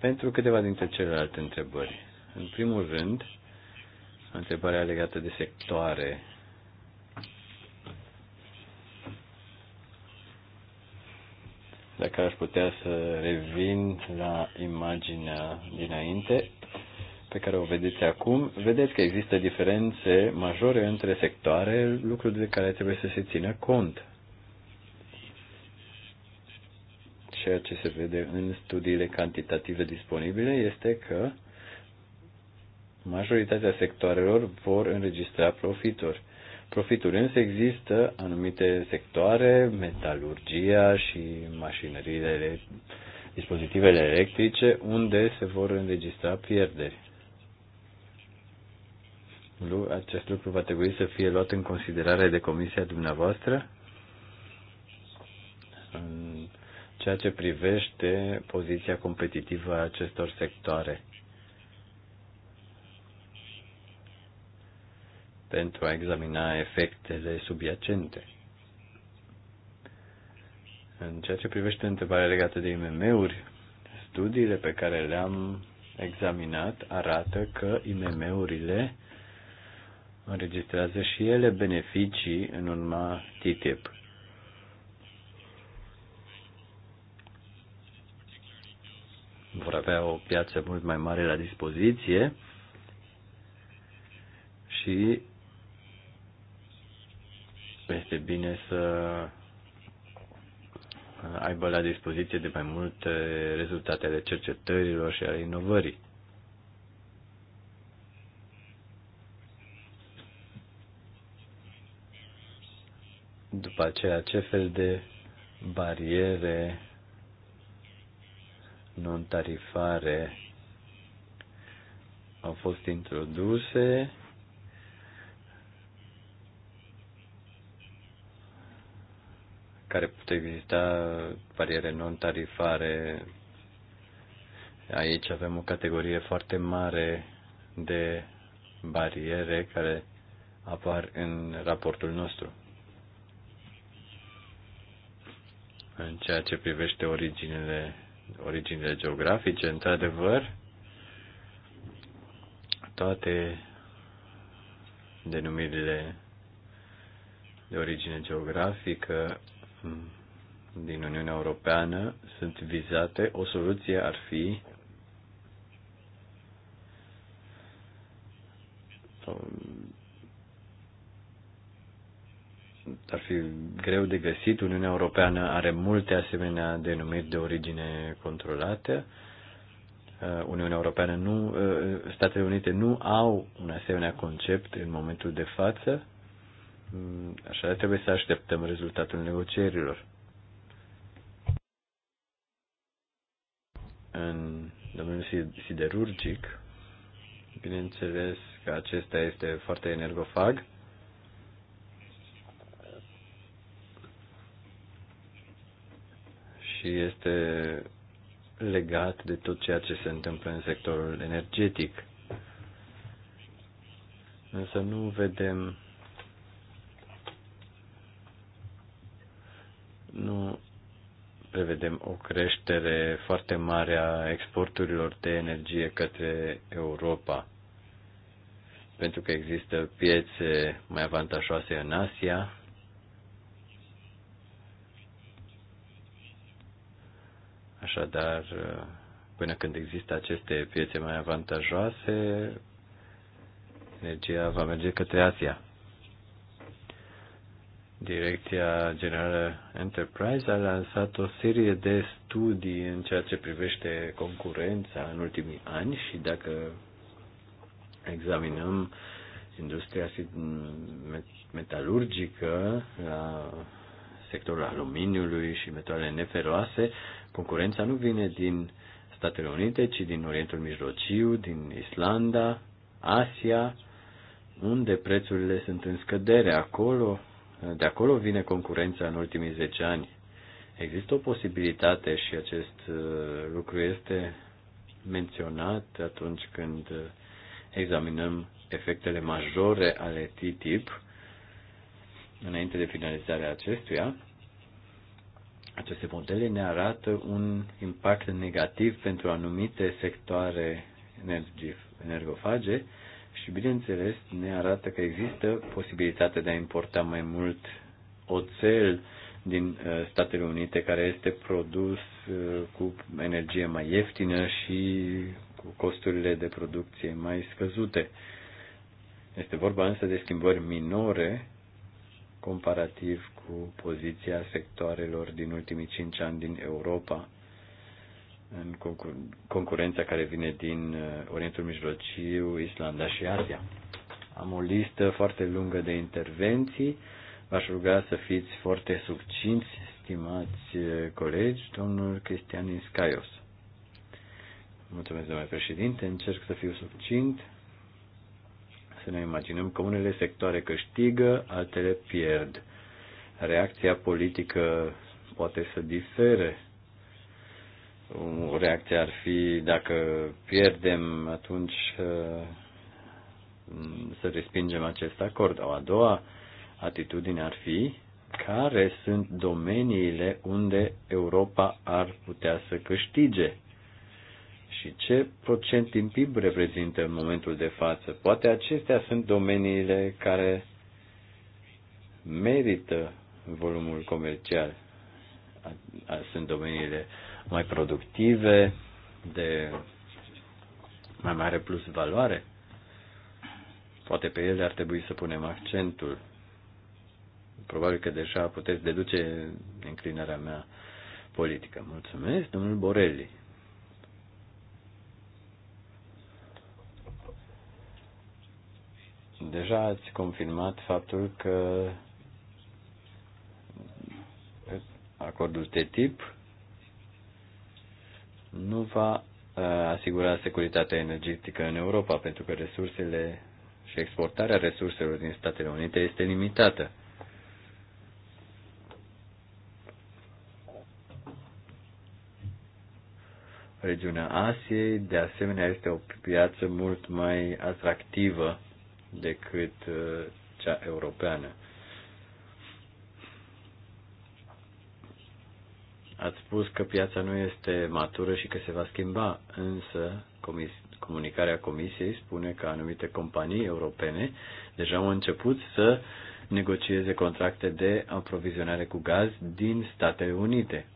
Pentru câteva dintre celelalte întrebări. În primul rând, întrebarea legată de sectoare Dacă aș putea să revin la imaginea dinainte, pe care o vedeți acum, vedeți că există diferențe majore între sectoare, lucruri de care trebuie să se țină cont. Ceea ce se vede în studiile cantitative disponibile este că majoritatea sectoarelor vor înregistra profituri profituri, însă există anumite sectoare, metalurgia și mașinările, dispozitivele electrice, unde se vor înregistra pierderi. Acest lucru va trebui să fie luat în considerare de comisia dumneavoastră în ceea ce privește poziția competitivă a acestor sectoare. pentru a examina efectele subiacente. În ceea ce privește întrebarea legată de IMM-uri, studiile pe care le-am examinat arată că IMM-urile înregistrează și ele beneficii în urma TTIP. Vor avea o piață mult mai mare la dispoziție și este bine să uh, aibă la dispoziție de mai multe rezultate ale cercetărilor și ale inovării. După aceea, ce fel de bariere non-tarifare au fost introduse care pot exista bariere non-tarifare. Aici avem o categorie foarte mare de bariere care apar în raportul nostru. În ceea ce privește originele, originele geografice, într-adevăr, toate denumirile de origine geografică din Uniunea Europeană sunt vizate, o soluție ar fi um, ar fi greu de găsit. Uniunea Europeană are multe asemenea denumiri de origine controlată. Uh, Uniunea Europeană nu, uh, Statele Unite nu au un asemenea concept în momentul de față. Mm, așa trebuie să așteptăm rezultatul negocierilor. În domeniul siderurgic, bineînțeles că acesta este foarte energofag. Și este legat de tot ceea ce se întâmplă în sectorul energetic. Însă nu vedem nu prevedem o creștere foarte mare a exporturilor de energie către Europa, pentru că există piețe mai avantajoase în Asia. Așadar, până când există aceste piețe mai avantajoase, energia va merge către Asia. Direcția Generală Enterprise a lansat o serie de studii în ceea ce privește concurența în ultimii ani și dacă examinăm industria metalurgică la sectorul aluminiului și metalele neferoase, concurența nu vine din Statele Unite, ci din Orientul Mijlociu, din Islanda, Asia, unde prețurile sunt în scădere. Acolo de acolo vine concurența în ultimii 10 ani. Există o posibilitate și acest uh, lucru este menționat atunci când uh, examinăm efectele majore ale TTIP înainte de finalizarea acestuia. Aceste modele ne arată un impact negativ pentru anumite sectoare energofage și, bineînțeles, ne arată că există posibilitatea de a importa mai mult oțel din uh, Statele Unite, care este produs uh, cu energie mai ieftină și cu costurile de producție mai scăzute. Este vorba însă de schimbări minore comparativ cu poziția sectoarelor din ultimii cinci ani din Europa în concurența care vine din uh, Orientul Mijlociu, Islanda și Asia. Am o listă foarte lungă de intervenții. V-aș ruga să fiți foarte succinți, stimați uh, colegi, domnul Cristian Iscaios. Mulțumesc, domnule președinte. Încerc să fiu succint. Să ne imaginăm că unele sectoare câștigă, altele pierd. Reacția politică poate să difere o reacție ar fi dacă pierdem, atunci uh, să respingem acest acord. O a doua atitudine ar fi care sunt domeniile unde Europa ar putea să câștige și ce procent din PIB reprezintă în momentul de față. Poate acestea sunt domeniile care merită volumul comercial. Sunt domeniile mai productive, de mai mare plus valoare. Poate pe ele ar trebui să punem accentul. Probabil că deja puteți deduce înclinarea mea politică. Mulțumesc, domnul Borelli. Deja ați confirmat faptul că acordul TTIP nu va uh, asigura securitatea energetică în Europa, pentru că resursele și exportarea resurselor din Statele Unite este limitată. Regiunea Asiei, de asemenea, este o piață mult mai atractivă decât uh, cea europeană. Ați spus că piața nu este matură și că se va schimba, însă comis- comunicarea Comisiei spune că anumite companii europene deja au început să negocieze contracte de aprovizionare cu gaz din Statele Unite.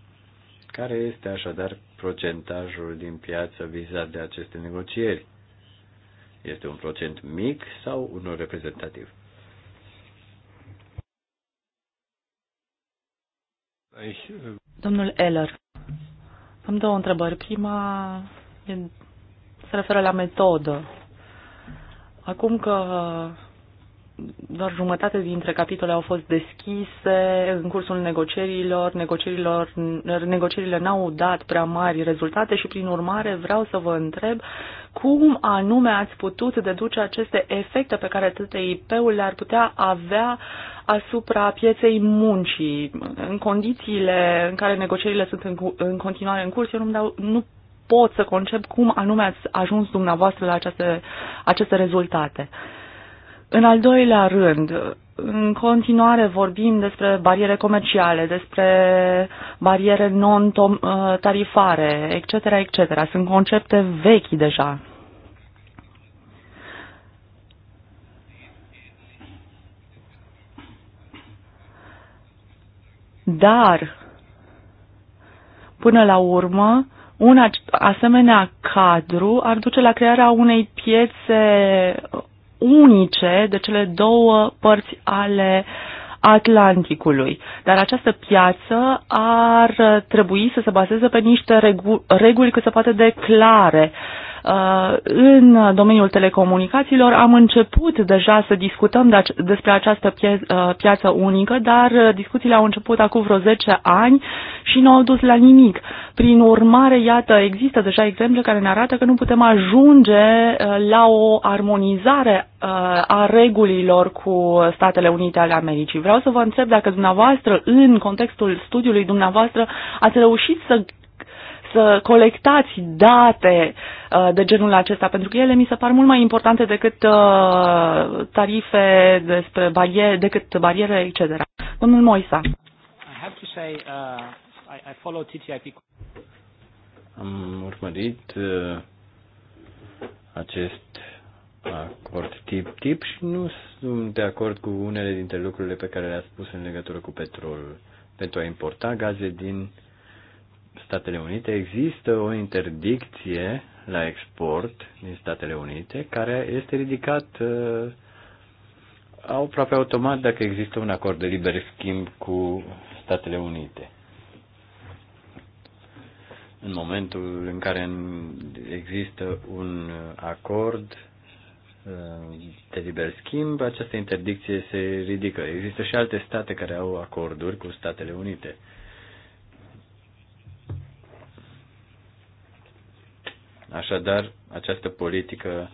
Care este așadar procentajul din piață vizat de aceste negocieri? Este un procent mic sau unul reprezentativ? Domnul Eller, am două întrebări. Prima se referă la metodă. Acum că doar jumătate dintre capitole au fost deschise în cursul negocierilor. Negocierilor negocierile n-au dat prea mari rezultate și, prin urmare, vreau să vă întreb cum anume ați putut deduce aceste efecte pe care TTIP-ul le-ar putea avea uh, asupra pieței muncii. În condițiile în care negocierile sunt în, în continuare în curs, eu nu, dau, nu pot să concep cum anume ați ajuns dumneavoastră la aceste, aceste rezultate. În al doilea rând, în continuare vorbim despre bariere comerciale, despre bariere non-tarifare, etc., etc. Sunt concepte vechi deja. Dar, până la urmă, un asemenea cadru ar duce la crearea unei piețe unice de cele două părți ale Atlanticului. Dar această piață ar trebui să se bazeze pe niște regu- reguli cât se poate de clare. Uh, Uh, în domeniul telecomunicațiilor am început deja să discutăm despre această uh, piață unică, dar uh, discuțiile au început acum vreo 10 ani și nu au dus la nimic. Prin urmare, iată, există deja exemple care ne arată că nu putem ajunge la o armonizare a regulilor cu Statele Unite ale Americii. Vreau să vă întreb dacă dumneavoastră, în contextul studiului dumneavoastră, ați reușit să să colectați date uh, de genul acesta, pentru că ele mi se par mult mai importante decât uh, tarife, despre bariere, decât bariere, etc. Domnul Moisa. Am urmărit uh, acest acord tip-tip și nu sunt de acord cu unele dintre lucrurile pe care le-a spus în legătură cu petrolul. Pentru a importa gaze din uh, Statele Unite există o interdicție la export din Statele Unite care este ridicat uh, aproape automat dacă există un acord de liber schimb cu Statele Unite. În momentul în care există un acord uh, de liber schimb, această interdicție se ridică. Există și alte state care au acorduri cu Statele Unite. Așadar, această politică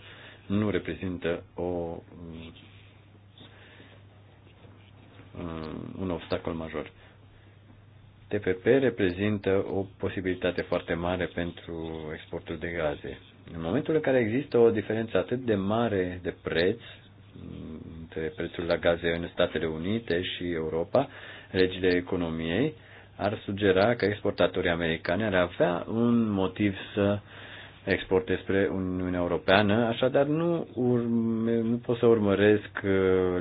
nu reprezintă o, um, un obstacol major. TPP reprezintă o posibilitate foarte mare pentru exportul de gaze. În momentul în care există o diferență atât de mare de preț um, între prețul la gaze în Statele Unite și Europa, legile economiei ar sugera că exportatorii americani ar avea un motiv să uh, exporte spre Uniunea Europeană, așadar nu, urme, nu pot să urmăresc uh,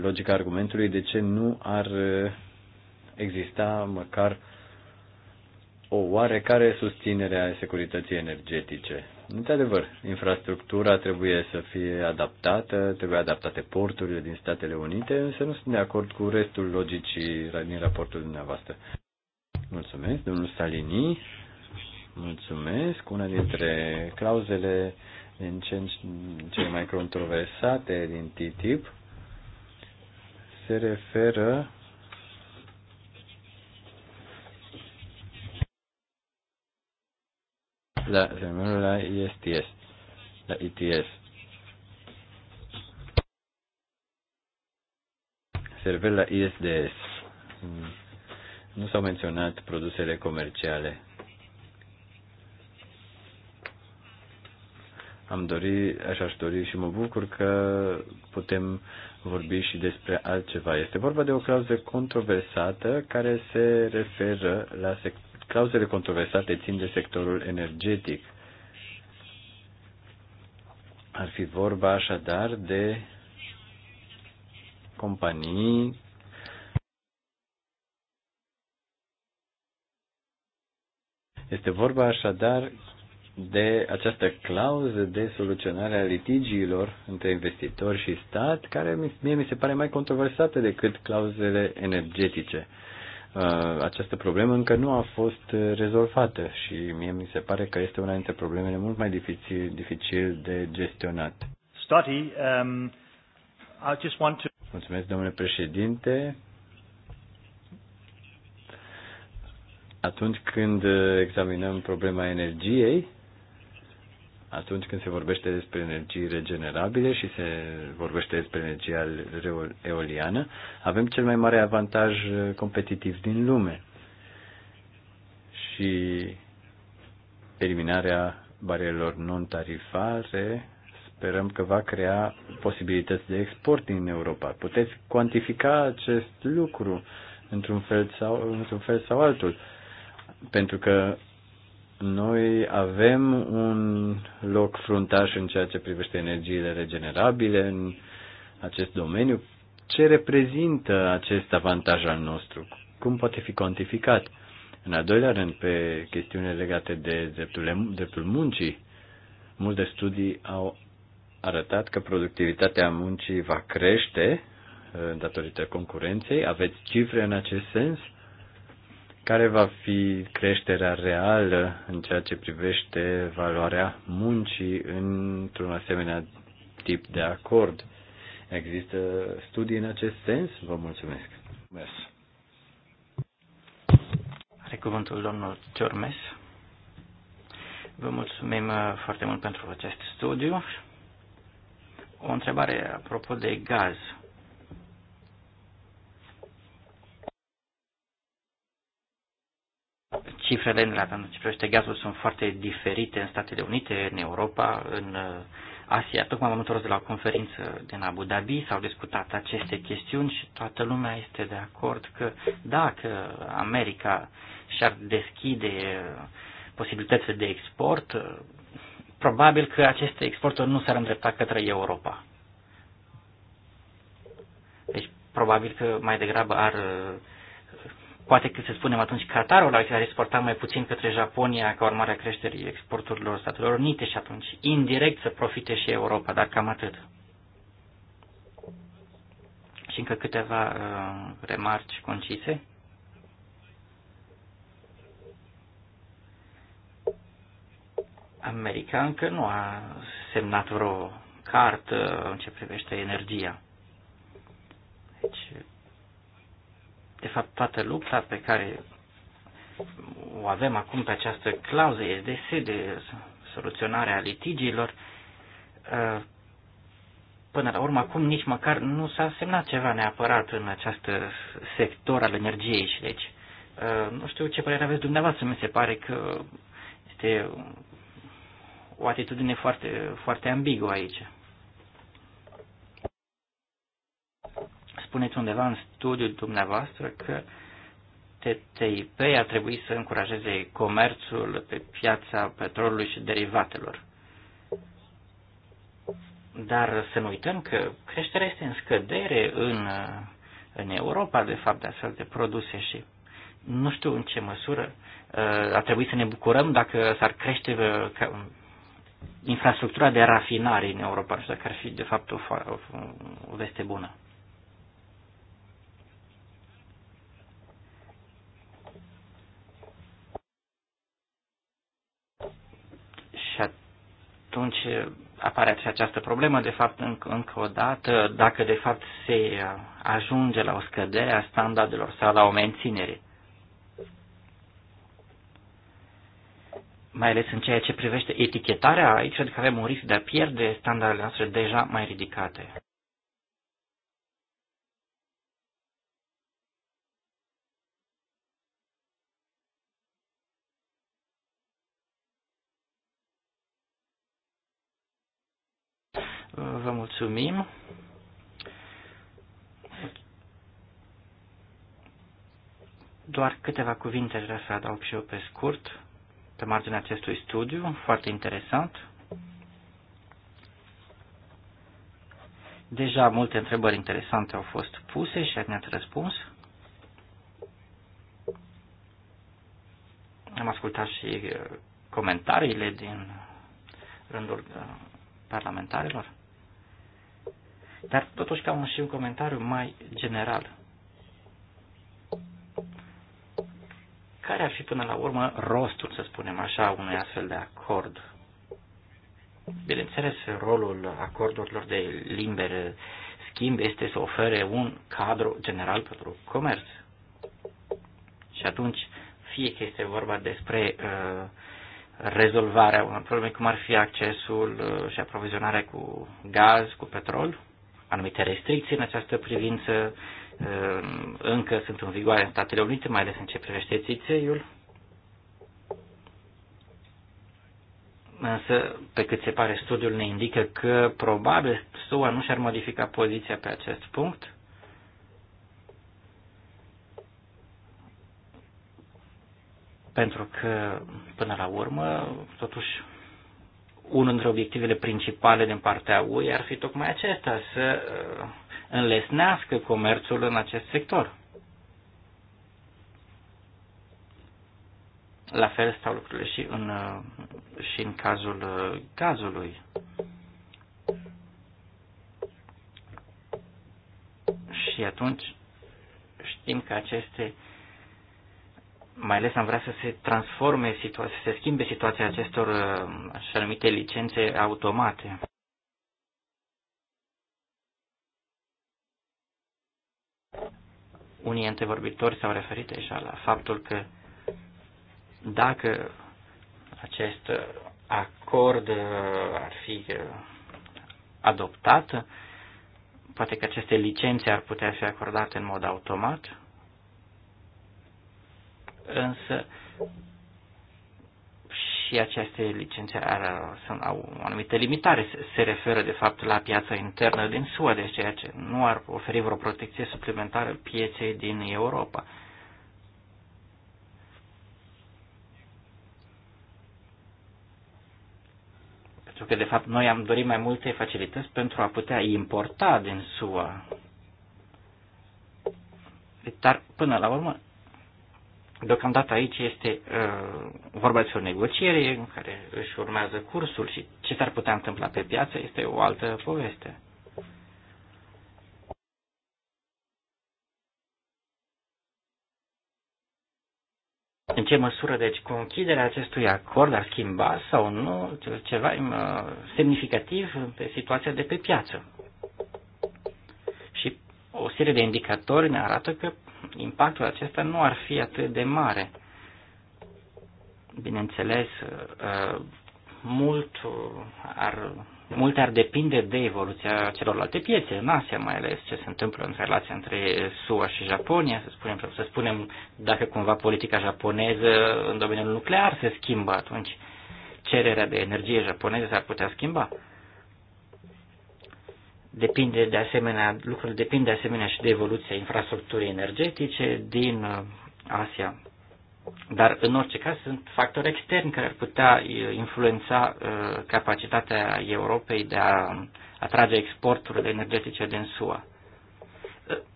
logica argumentului de ce nu ar uh, exista măcar o oarecare susținere a securității energetice. Într-adevăr, infrastructura trebuie să fie adaptată, trebuie adaptate porturile din Statele Unite, însă nu sunt de acord cu restul logicii din raportul dumneavoastră. Mulțumesc, domnul Salini. Mulțumesc. Una dintre clauzele din ce, ce mai controversate din TTIP se referă la semnul la ISTS, la ITS. Se referă la ISDS. Nu s-au menționat produsele comerciale am dori, așa aș dori și mă bucur că putem vorbi și despre altceva. Este vorba de o clauză controversată care se referă la sec- clauzele controversate țin de sectorul energetic. Ar fi vorba așadar de companii este vorba așadar de această clauză de soluționare a litigiilor între investitori și stat, care mie mi se pare mai controversată decât clauzele energetice. Uh, această problemă încă nu a fost rezolvată și mie mi se pare că este una dintre problemele mult mai dificil, dificil de gestionat. Study, um, I just want to... Mulțumesc, domnule președinte. Atunci când examinăm problema energiei, atunci când se vorbește despre energii regenerabile și se vorbește despre energia eoliană, avem cel mai mare avantaj uh, competitiv din lume. Și eliminarea barierelor non-tarifare sperăm că va crea posibilități de export din Europa. Puteți cuantifica acest lucru într-un fel sau, într-un fel sau altul, pentru că noi avem un loc fruntaș în ceea ce privește energiile regenerabile în acest domeniu. Ce reprezintă acest avantaj al nostru? Cum poate fi cuantificat? În al doilea rând, pe chestiune legate de dreptul, dreptul muncii, multe studii au arătat că productivitatea muncii va crește datorită concurenței. Aveți cifre în acest sens? care va fi creșterea reală în ceea ce privește valoarea muncii într-un asemenea tip de acord. Există studii în acest sens? Vă mulțumesc. Mers. Are cuvântul domnul Ciormes. Vă mulțumim uh, foarte mult pentru acest studiu. O întrebare apropo de gaz. cifrele în ce privește gazul sunt foarte diferite în Statele Unite, în Europa, în uh, Asia. Tocmai am întors de la o conferință din Abu Dhabi, s-au discutat aceste chestiuni și toată lumea este de acord că dacă America și-ar deschide uh, posibilitățile de export, uh, probabil că aceste exporturi nu s-ar îndrepta către Europa. Deci, probabil că mai degrabă ar uh, Poate că, să spunem atunci, Qatarul ar exportat mai puțin către Japonia ca urmare a creșterii exporturilor Statelor Unite și atunci, indirect, să profite și Europa, dar cam atât. Și încă câteva uh, remarci concise. America încă nu a semnat vreo cartă în ce privește energia. Deci, de fapt, toată lupta pe care o avem acum pe această clauză SDS de soluționarea litigiilor, uh, până la urmă, acum nici măcar nu s-a semnat ceva neapărat în acest sector al energiei și deci uh, nu știu ce părere aveți dumneavoastră, mi se pare că este o atitudine foarte, foarte ambiguă aici. spuneți undeva în studiul dumneavoastră că TTIP a trebuit să încurajeze comerțul pe piața petrolului și derivatelor. Dar să nu uităm că creșterea este în scădere în, în Europa, de fapt, de astfel de produse și nu știu în ce măsură uh, a trebuit să ne bucurăm dacă s-ar crește uh, um, infrastructura de rafinare în Europa. Nu dacă ar fi, de fapt, o, o, o veste bună. atunci apare și această problemă, de fapt, încă, încă o dată, dacă de fapt se ajunge la o scădere a standardelor sau la o menținere. Mai ales în ceea ce privește etichetarea, aici cred că avem un risc de a pierde standardele noastre deja mai ridicate. Mulțumim. Doar câteva cuvinte aș vrea să adaug și eu pe scurt pe marginea acestui studiu, foarte interesant. Deja multe întrebări interesante au fost puse și ne-ați răspuns. Am ascultat și uh, comentariile din rândul uh, parlamentarilor. Dar totuși ca un și un comentariu mai general. Care ar fi până la urmă rostul, să spunem așa, unui astfel de acord? Bineînțeles, rolul acordurilor de liber schimb este să ofere un cadru general pentru comerț. Și atunci, fie că este vorba despre uh, rezolvarea unor probleme, cum ar fi accesul uh, și aprovizionarea cu gaz, cu petrol, anumite restricții în această privință, uh, încă sunt în vigoare în Statele Unite, mai ales în ce privește țițeiul. Însă, pe cât se pare, studiul ne indică că probabil SUA nu și-ar modifica poziția pe acest punct. Pentru că, până la urmă, totuși, unul dintre obiectivele principale din partea UE ar fi tocmai acesta, să uh, înlesnească comerțul în acest sector. La fel stau lucrurile și în, uh, și în cazul uh, gazului. Și atunci știm că aceste uh, mai ales am vrea să se transforme, să se schimbe situația acestor uh, așa numite licențe automate. Unii antevorbitori s-au referit deja la faptul că dacă acest acord uh, ar fi uh, adoptat, poate că aceste licențe ar putea fi acordate în mod automat, însă și aceste licențe sunt, au o anumită limitare, se, se referă de fapt la piața internă din SUA, deci ceea ce nu ar oferi vreo protecție suplimentară pieței din Europa. Pentru că, de fapt, noi am dorit mai multe facilități pentru a putea importa din SUA. Dar, până la urmă, Deocamdată aici este uh, vorba despre o negociere în care își urmează cursul și ce s-ar putea întâmpla pe piață este o altă poveste. În ce măsură, deci, conchiderea acestui acord ar schimba sau nu ceva uh, semnificativ pe situația de pe piață? Și o serie de indicatori ne arată că impactul acesta nu ar fi atât de mare. Bineînțeles, uh, mult uh, ar, multe ar depinde de evoluția celorlalte piețe, în Asia mai ales, ce se întâmplă în relația între SUA și Japonia, să spunem, să spunem dacă cumva politica japoneză în domeniul nuclear se schimbă atunci cererea de energie japoneză s-ar putea schimba. Uh, Depinde de asemenea, lucrurile depind de asemenea și de evoluția infrastructurii energetice din uh, Asia. Dar, în orice caz, sunt factori externi care ar putea uh, influența uh, capacitatea Europei de a atrage exporturile energetice din SUA.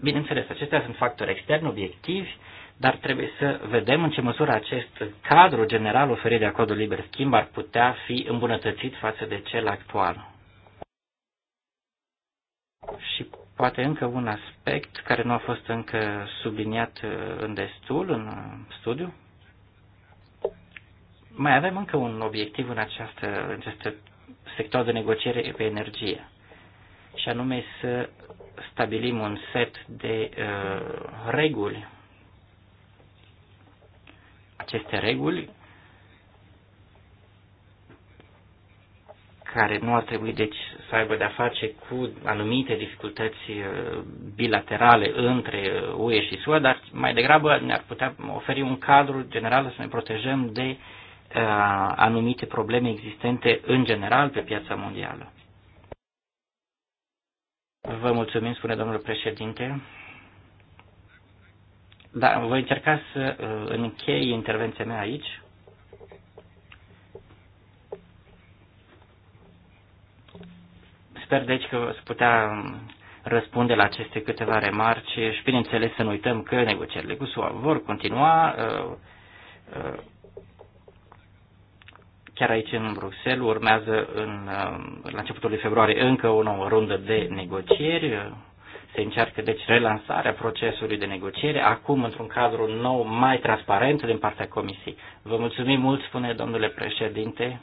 Bineînțeles, acestea sunt factori externi, obiectivi, dar trebuie să vedem în ce măsură acest cadru general oferit de acordul liber schimb ar putea fi îmbunătățit față de cel actual. Și poate încă un aspect care nu a fost încă subliniat uh, în destul în uh, studiu. Mai avem încă un obiectiv în în acest sector de negociere pe energie, și anume să stabilim un set de uh, reguli. Aceste reguli care nu ar trebui deci să aibă de-a face cu anumite dificultăți uh, bilaterale între uh, UE și SUA, dar mai degrabă ne-ar putea oferi un cadru general să ne protejăm de uh, anumite probleme existente în general pe piața mondială. Vă mulțumim, spune domnul președinte. Da, voi încerca să închei intervenția mea aici. Sper deci că veți putea um, răspunde la aceste câteva remarci și bineînțeles să nu uităm că negocierile cu SUA vor continua uh, uh, chiar aici în Bruxelles urmează în, um, la începutul lui februarie încă o nouă rundă de negocieri. Se încearcă deci relansarea procesului de negociere, acum într-un cadru nou mai transparent din partea Comisiei. Vă mulțumim mult, spune domnule președinte.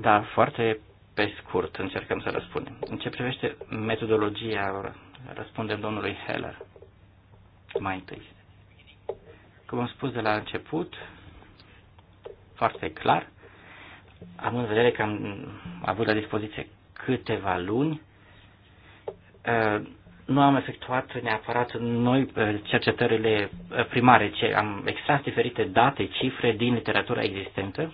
Da, foarte pe scurt încercăm să răspundem. În ce privește metodologia, răspundem domnului Heller mai întâi. Cum am spus de la început, foarte clar, am în vedere că am avut la dispoziție câteva luni, uh, nu am efectuat neapărat noi uh, cercetările primare, ci am extras diferite date, cifre din literatura existentă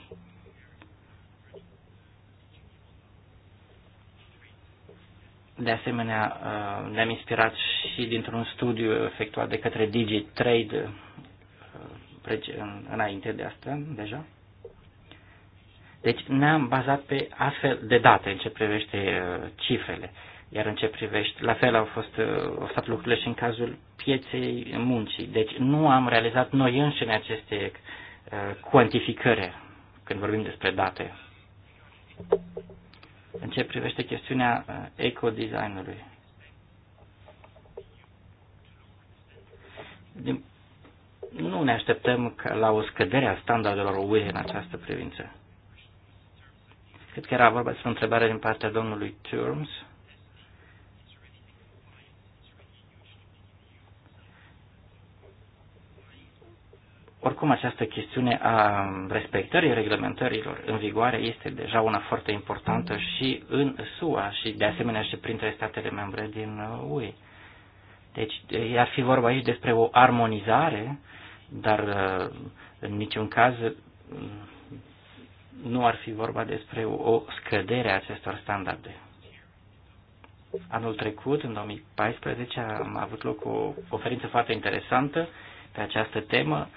De asemenea, uh, ne-am inspirat și dintr-un studiu efectuat de către DigiTrade uh, înainte de asta, deja. Deci ne-am bazat pe astfel de date în ce privește uh, cifrele, iar în ce privește, la fel au fost au stat lucrurile și în cazul pieței muncii. Deci nu am realizat noi înșine aceste cuantificări când vorbim despre date în ce privește chestiunea uh, ecodesignului. Din... Nu ne așteptăm la o scădere a standardelor UE în această privință. Cred că era vorba despre o întrebare din partea domnului Turms. Oricum, această chestiune a respectării reglementărilor în vigoare este deja una foarte importantă mm. și în SUA și de asemenea și printre statele membre din UE. Deci ar fi vorba aici despre o armonizare, dar uh, în niciun caz uh, nu ar fi vorba despre o scădere a acestor standarde. Anul trecut, în 2014, am avut loc o conferință foarte interesantă pe această temă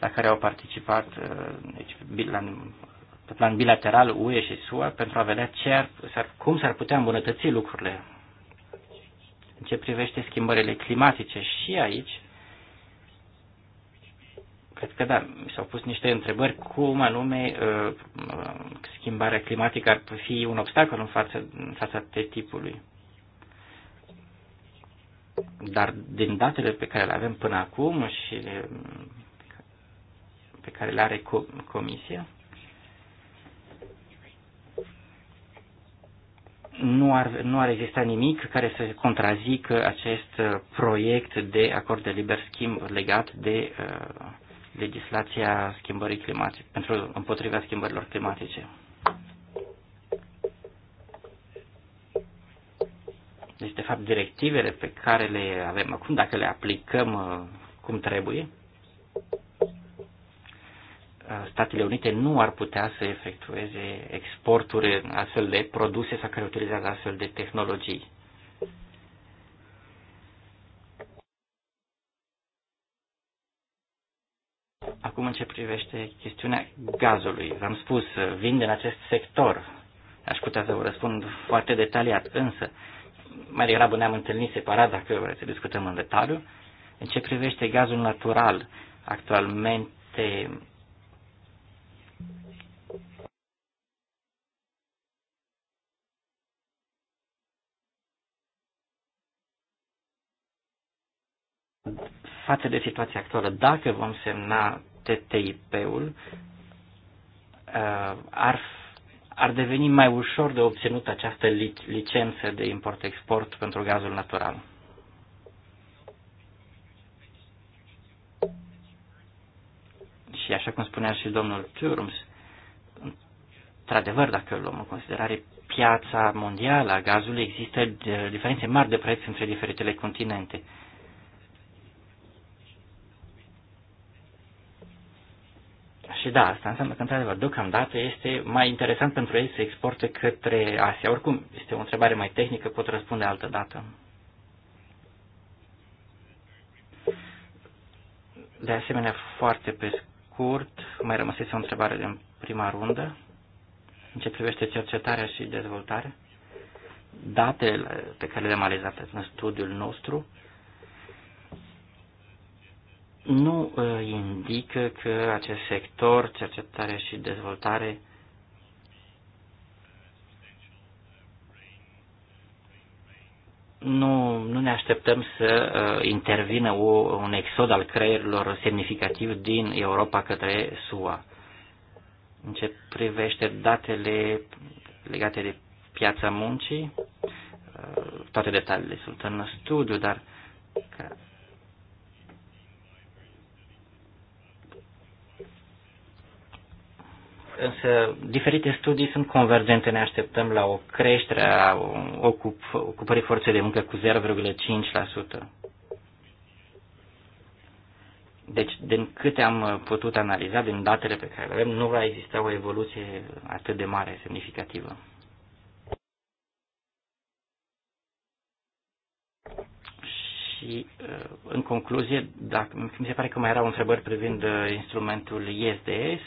la care au participat uh, deci, pe plan bilateral UE și SUA pentru a vedea ce ar, cum s-ar putea îmbunătăți lucrurile în ce privește schimbările climatice. Și aici, cred că da, mi s-au pus niște întrebări cum anume uh, schimbarea climatică ar fi un obstacol în fața, în fața TTIP-ului. Dar din datele pe care le avem până acum și pe care le are Comisia nu ar, nu ar exista nimic care să contrazică acest uh, proiect de acord de liber schimb legat de uh, legislația schimbării climatice, pentru împotriva schimbărilor climatice. Deci, de fapt, directivele pe care le avem acum, dacă le aplicăm uh, cum trebuie, Statele Unite nu ar putea să efectueze exporturi astfel de produse sau care utilizează astfel de tehnologii. Acum în ce privește chestiunea gazului. V-am spus, vin din acest sector. Aș putea să vă răspund foarte detaliat, însă mai degrabă ne-am întâlnit separat dacă vreți să discutăm în detaliu. În ce privește gazul natural, actualmente față de situația actuală. Dacă vom semna TTIP-ul, uh, ar, ar deveni mai ușor de obținut această licență de import-export pentru gazul natural. Și așa cum spunea și domnul Turms, într-adevăr, dacă luăm în considerare piața mondială a gazului, există uh, diferențe mari de preț între diferitele continente. Uh, Și da, asta înseamnă că, într-adevăr, deocamdată este mai interesant pentru ei să exporte către Asia. Oricum, este o întrebare mai tehnică, pot răspunde altă dată. De asemenea, foarte pe scurt, mai rămăsese o întrebare din prima rundă, în ce privește cercetarea și dezvoltarea. Datele pe care le-am analizat în studiul nostru nu uh, indică că acest sector, cercetare și dezvoltare, nu, nu ne așteptăm să uh, intervină o, un exod al creierilor semnificativ din Europa către SUA. În ce privește datele legate de piața muncii, uh, toate detaliile sunt în studiu, dar însă diferite studii sunt convergente, ne așteptăm la o creștere a ocup, ocupării forței de muncă cu 0,5%. Deci, din câte am putut analiza, din datele pe care le avem, nu va exista o evoluție atât de mare, semnificativă. Și, uh, în concluzie, dacă, mi se pare că mai erau întrebări privind uh, instrumentul ISDS,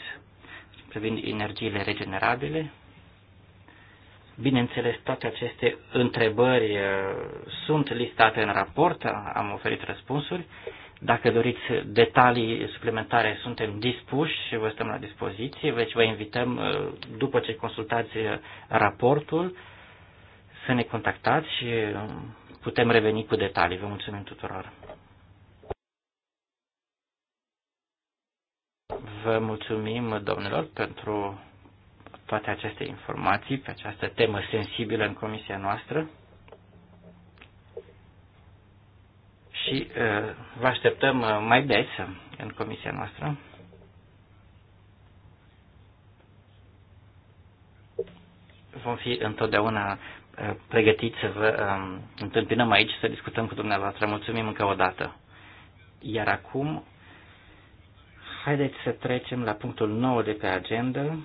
privind energiile regenerabile. Bineînțeles, toate aceste întrebări uh, sunt listate în raport, am oferit răspunsuri. Dacă doriți detalii suplimentare, suntem dispuși și vă stăm la dispoziție. Deci vă invităm, uh, după ce consultați uh, raportul, să ne contactați și putem reveni cu detalii. Vă mulțumim tuturor! Vă mulțumim, domnilor, pentru toate aceste informații pe această temă sensibilă în comisia noastră și uh, vă așteptăm uh, mai des în comisia noastră. Vom fi întotdeauna uh, pregătiți să vă uh, întâmpinăm aici, să discutăm cu dumneavoastră. Mulțumim încă o dată. Iar acum Haideți să trecem la punctul 9 de pe agenda.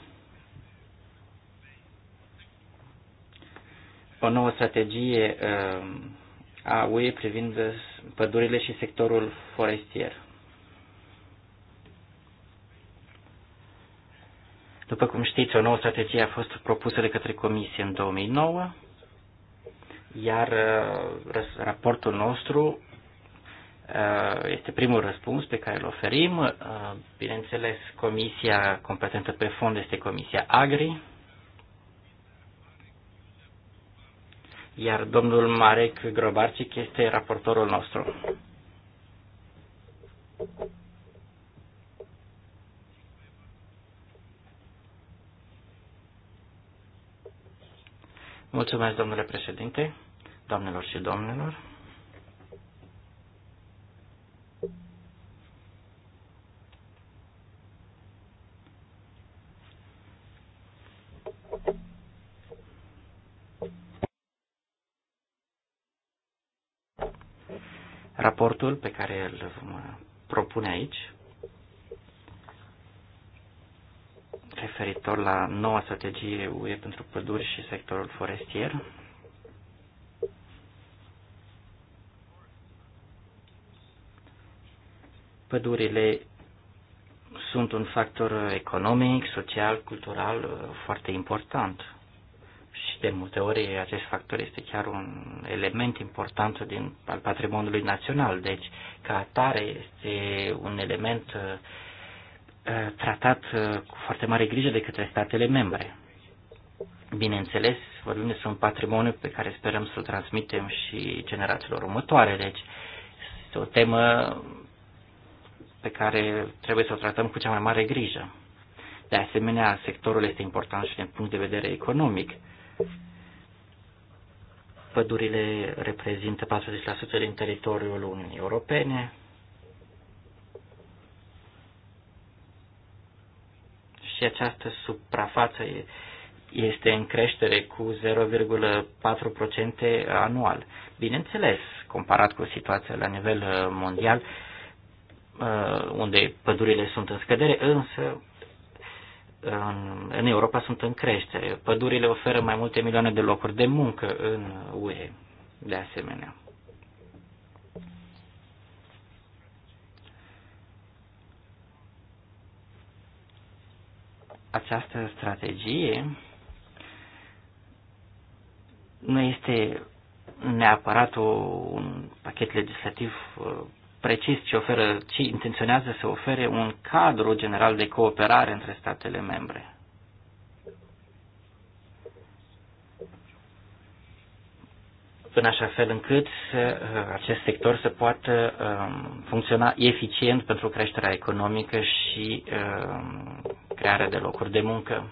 O nouă strategie uh, a UE privind pădurile și sectorul forestier. După cum știți, o nouă strategie a fost propusă de către Comisie în 2009, iar uh, raportul nostru Uh, este primul răspuns pe care îl oferim. Uh, bineînțeles, comisia competentă pe fond este Comisia Agri. Iar domnul Marek Grobarcic este raportorul nostru. Mulțumesc, domnule președinte, doamnelor și domnilor. raportul pe care îl vom uh, propune aici, referitor la noua strategie UE pentru păduri și sectorul forestier. Pădurile sunt un factor economic, social, cultural uh, foarte important și de multe ori acest factor este chiar un element important din, al patrimoniului național. Deci, ca atare, este un element uh, uh, tratat uh, cu foarte mare grijă de către statele membre. Bineînțeles, vorbim despre un patrimoniu pe care sperăm să-l transmitem și generațiilor următoare. Deci, este o temă pe care trebuie să o tratăm cu cea mai mare grijă. De asemenea, sectorul este important și din punct de vedere economic. Pădurile reprezintă 40% din teritoriul Uniunii Europene și această suprafață este în creștere cu 0,4% anual. Bineînțeles, comparat cu situația la nivel uh, mondial, uh, unde pădurile sunt în scădere, însă în, în Europa sunt în creștere. Pădurile oferă mai multe milioane de locuri de muncă în UE, de asemenea. Această strategie nu este neapărat o, un pachet legislativ uh, precis ce oferă, ce intenționează să ofere un cadru general de cooperare între statele membre. În așa fel încât uh, acest sector să poată um, funcționa eficient pentru creșterea economică și um, crearea de locuri de muncă.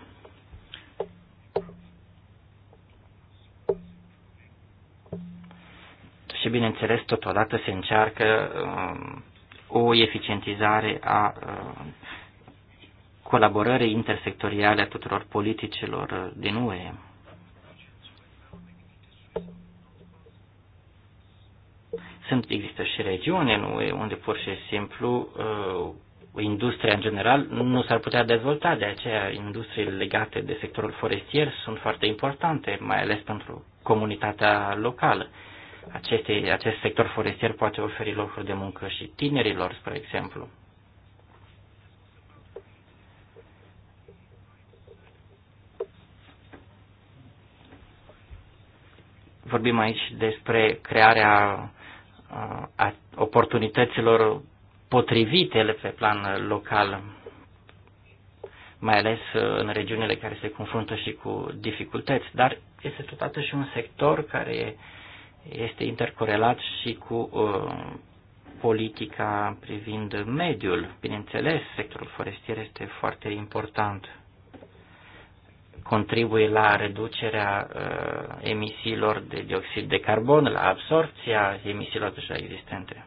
și, bineînțeles, totodată se încearcă um, o eficientizare a um, colaborării intersectoriale a tuturor politicilor din UE. Sunt, există și regiuni în UE unde pur și simplu uh, industria în general nu s-ar putea dezvolta, de aceea industriile legate de sectorul forestier sunt foarte importante, mai ales pentru comunitatea locală aceste, acest sector forestier poate oferi locuri de muncă și tinerilor, spre exemplu. Vorbim aici despre crearea uh, oportunităților potrivitele pe plan local, mai ales uh, în regiunile care se confruntă și cu dificultăți, dar este totodată și un sector care e uh, este intercorelat și cu uh, politica privind mediul. Bineînțeles, sectorul forestier este foarte important. Contribuie la reducerea uh, emisiilor de dioxid de carbon, la absorpția emisiilor deja existente.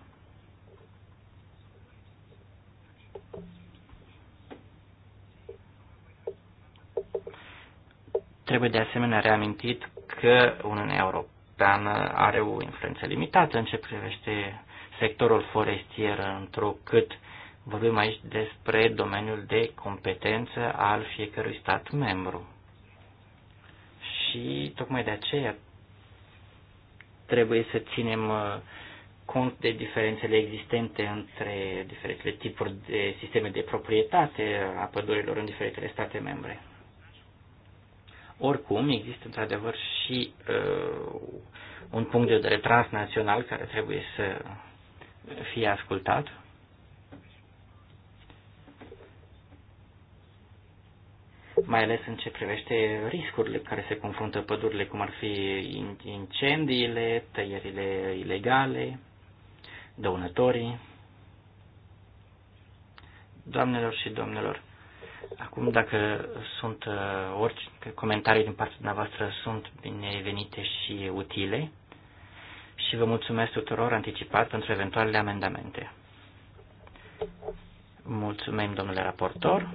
Trebuie de asemenea reamintit că Uniunea Europeană european are o influență limitată în ce privește sectorul forestier, întrucât vorbim aici despre domeniul de competență al fiecărui stat membru. Și tocmai de aceea trebuie să ținem uh, cont de diferențele existente între diferitele tipuri de sisteme de proprietate a pădurilor în diferitele state membre. Oricum, există într-adevăr și uh, un punct de vedere transnațional care trebuie să fie ascultat. mai ales în ce privește riscurile care se confruntă pădurile, cum ar fi incendiile, tăierile ilegale, dăunătorii. Doamnelor și domnilor, Acum, dacă sunt uh, orice comentarii din partea dumneavoastră sunt binevenite și utile și vă mulțumesc tuturor anticipat pentru eventualele amendamente. Mulțumim, domnule raportor.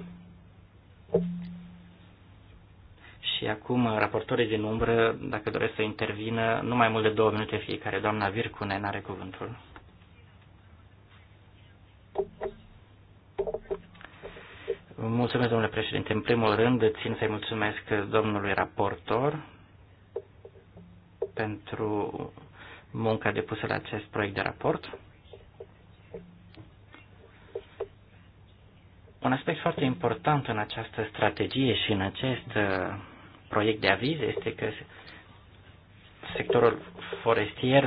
Și acum, raportorii din umbră, dacă doresc să intervină, nu mai mult de două minute fiecare. Doamna n are cuvântul. Mulțumesc, domnule președinte. În primul rând, țin să-i mulțumesc domnului raportor pentru munca depusă la acest proiect de raport. Un aspect foarte important în această strategie și în acest uh, proiect de aviz este că sectorul forestier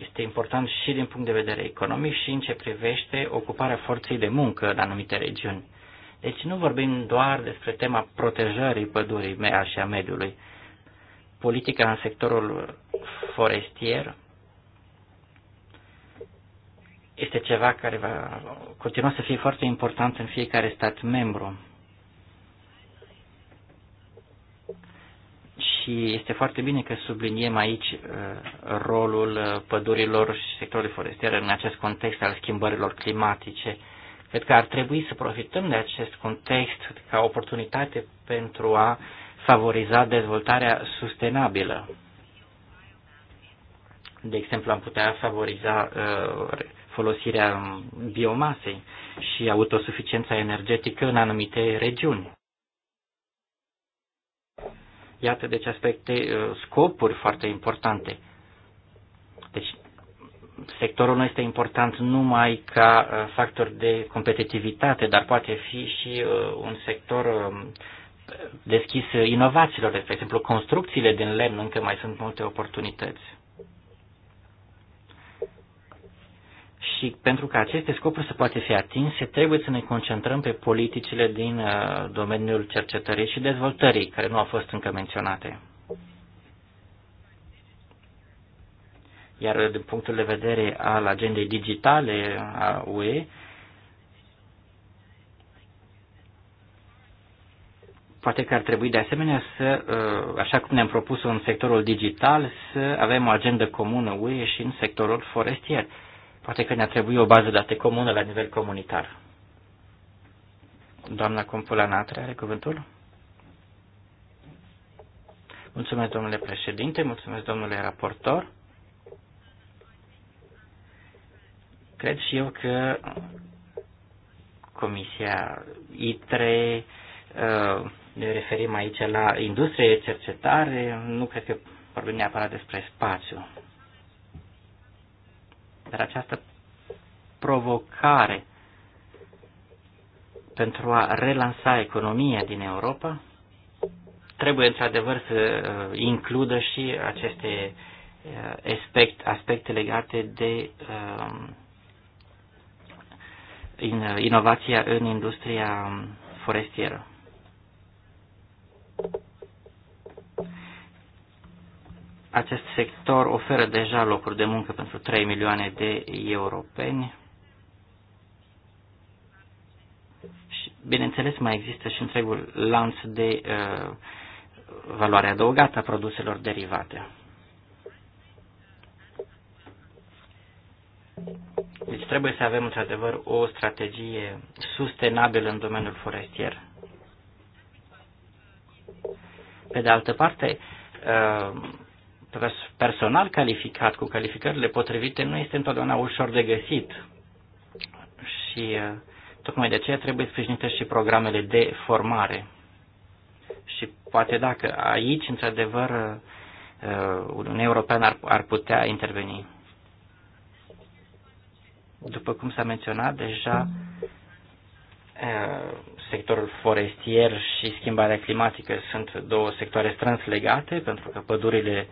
este important și din punct de vedere economic și în ce privește ocuparea forței de muncă în anumite regiuni. Deci nu vorbim doar despre tema protejării pădurii și a mediului. Politica în sectorul forestier este ceva care va continua să fie foarte important în fiecare stat membru. Și este foarte bine că subliniem aici uh, rolul uh, pădurilor și sectorului forestier în acest context al schimbărilor climatice. Cred că ar trebui să profităm de acest context ca oportunitate pentru a favoriza dezvoltarea sustenabilă. De exemplu, am putea favoriza uh, folosirea biomasei și autosuficiența energetică în anumite regiuni. Iată, deci aspecte, uh, scopuri foarte importante sectorul nu este important numai ca uh, factor de competitivitate, dar poate fi și uh, un sector uh, deschis inovațiilor. De exemplu, construcțiile din lemn încă mai sunt multe oportunități. Și pentru că aceste scopuri să poate fi atinse, trebuie să ne concentrăm pe politicile din domeniul cercetării și dezvoltării, care nu au fost încă menționate. Iar din punctul de vedere al agendei digitale a UE, poate că ar trebui de asemenea să, uh, așa cum ne-am propus în sectorul digital, să avem o agendă comună UE și în sectorul forestier. Poate că ne-ar trebui o bază date comună la nivel comunitar. Doamna Compula Natre are cuvântul. Mulțumesc, domnule președinte, mulțumesc, domnule raportor. Cred și eu că Comisia ITRE, uh, ne referim aici la industrie, cercetare, nu cred că vorbim neapărat despre spațiu. Dar această provocare pentru a relansa economia din Europa trebuie într-adevăr să uh, includă și aceste uh, aspecte legate de Uh, inovația în industria forestieră. Acest sector oferă deja locuri de muncă pentru 3 milioane de europeni. Și, bineînțeles, mai există și întregul lanț de uh, valoare adăugată a produselor derivate. Deci trebuie să avem într-adevăr o strategie sustenabilă în domeniul forestier. Pe de altă parte, uh, personal calificat cu calificările potrivite nu este întotdeauna ușor de găsit și uh, tocmai de aceea trebuie sprijinite și programele de formare. Și poate dacă aici, într-adevăr, uh, un european ar putea interveni. După cum s-a menționat deja, mm. sectorul forestier și schimbarea climatică sunt două sectoare strâns legate, pentru că pădurile,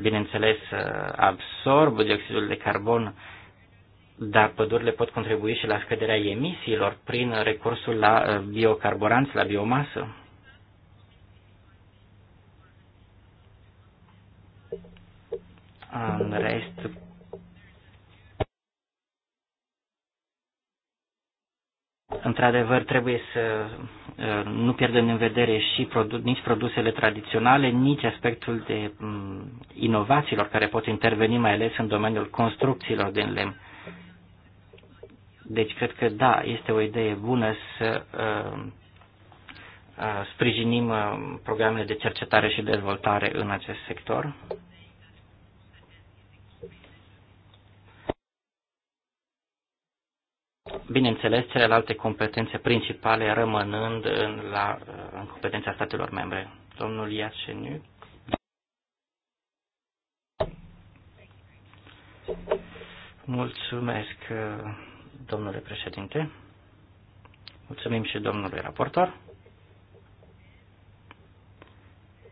bineînțeles, absorb dioxidul de carbon, dar pădurile pot contribui și la scăderea emisiilor prin recursul la biocarburanți, la biomasă. În rest, într-adevăr, trebuie să uh, nu pierdem în vedere și produ- nici produsele tradiționale, nici aspectul de mm, inovațiilor care pot interveni, mai ales în domeniul construcțiilor din lemn. Deci, cred că da, este o idee bună să uh, uh, sprijinim programele de cercetare și dezvoltare în acest sector. bineînțeles, celelalte competențe principale rămânând în, la, în competența statelor membre. Domnul Iașeniu. Mulțumesc, domnule președinte. Mulțumim și domnului raportor.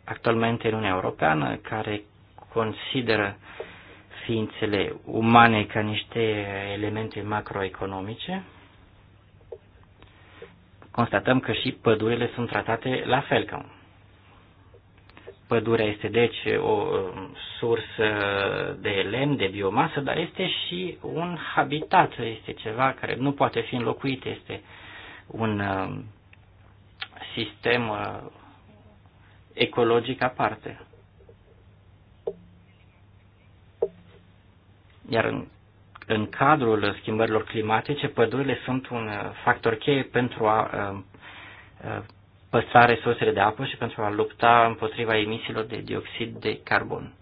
Actualmente în Uniunea Europeană, care consideră uh, ființele umane ca niște elemente macroeconomice, constatăm că și pădurile sunt tratate la fel ca Pădurea este deci o um, sursă de lemn, de biomasă, dar este și un habitat, este ceva care nu poate fi înlocuit, este un um, sistem uh, ecologic aparte. Iar în, în cadrul schimbărilor climatice, pădurile sunt un uh, factor cheie pentru a uh, uh, păstra resursele de apă și pentru a lupta împotriva emisiilor de dioxid de carbon.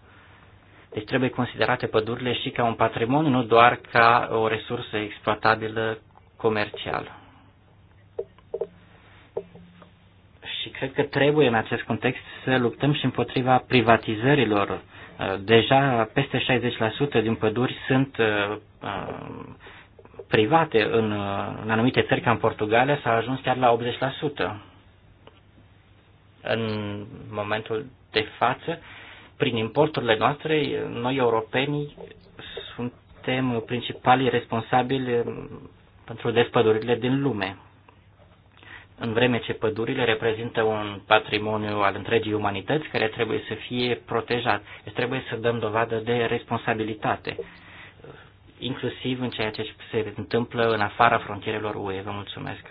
Deci trebuie considerate pădurile și ca un patrimoniu, nu doar ca o resursă exploatabilă comercială. Și cred că trebuie în acest context să luptăm și împotriva privatizărilor Deja peste 60% din păduri sunt uh, uh, private în, uh, în anumite țări ca în Portugalia s-a ajuns chiar la 80%. În momentul de față, prin importurile noastre, noi europenii suntem principalii responsabili um, pentru despădurile din lume în vreme ce pădurile reprezintă un patrimoniu al întregii umanități care trebuie să fie protejat. Deci trebuie să dăm dovadă de responsabilitate, inclusiv în ceea ce se întâmplă în afara frontierelor UE. Vă mulțumesc!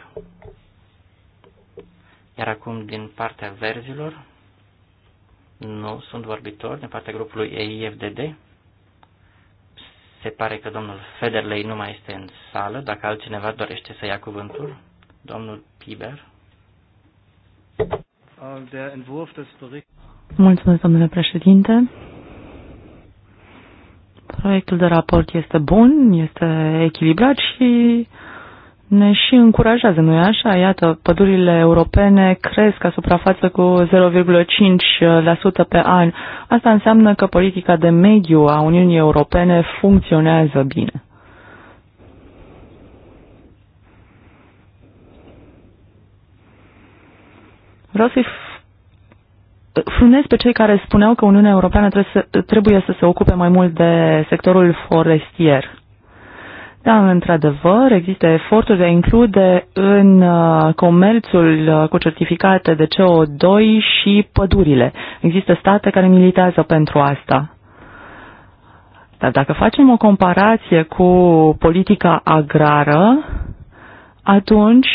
Iar acum din partea verzilor, nu sunt vorbitori, din partea grupului EIFDD, se pare că domnul Federley nu mai este în sală, dacă altcineva dorește să ia cuvântul. Domnul Piber. Äh, Mulțumesc, domnule președinte. Proiectul de raport este bun, este echilibrat și ne și încurajează, nu-i așa? Iată, pădurile europene cresc ca suprafață cu 0,5% pe an. Asta înseamnă că politica de mediu a Uniunii Europene funcționează bine. Vreau să-i frânez pe cei care spuneau că Uniunea Europeană trebuie să, trebuie să se ocupe mai mult de sectorul forestier. Da, într-adevăr, există eforturi de a include în uh, comerțul uh, cu certificate de CO2 și pădurile. Există state care militează pentru asta. Dar dacă facem o comparație cu politica agrară, atunci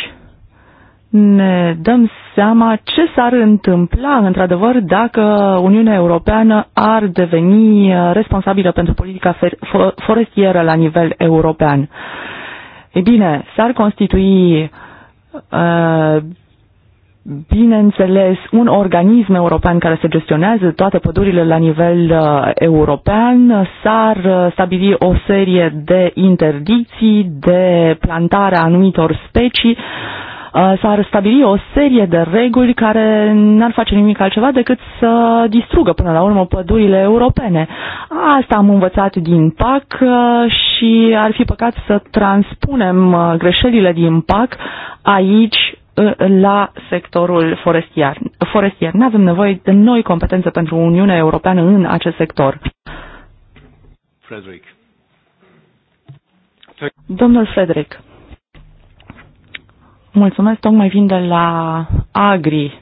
ne dăm seama ce s-ar întâmpla, într-adevăr, dacă Uniunea Europeană ar deveni uh, responsabilă pentru politica forestieră la nivel european. Ei bine, s-ar constitui, uh, bineînțeles, un organism european care să gestionează toate pădurile la nivel uh, european, s-ar stabili o serie de interdicții, de plantare a anumitor specii, Uh, s-ar stabili o serie de reguli care n-ar face nimic altceva decât să distrugă până la urmă pădurile europene. Asta am învățat din PAC uh, și ar fi păcat să transpunem uh, greșelile din PAC aici la sectorul forestier. forestier. Nu avem nevoie de noi competențe pentru Uniunea Europeană în acest sector. Frederick. Domnul Frederick. Mulțumesc, tocmai vin de la Agri,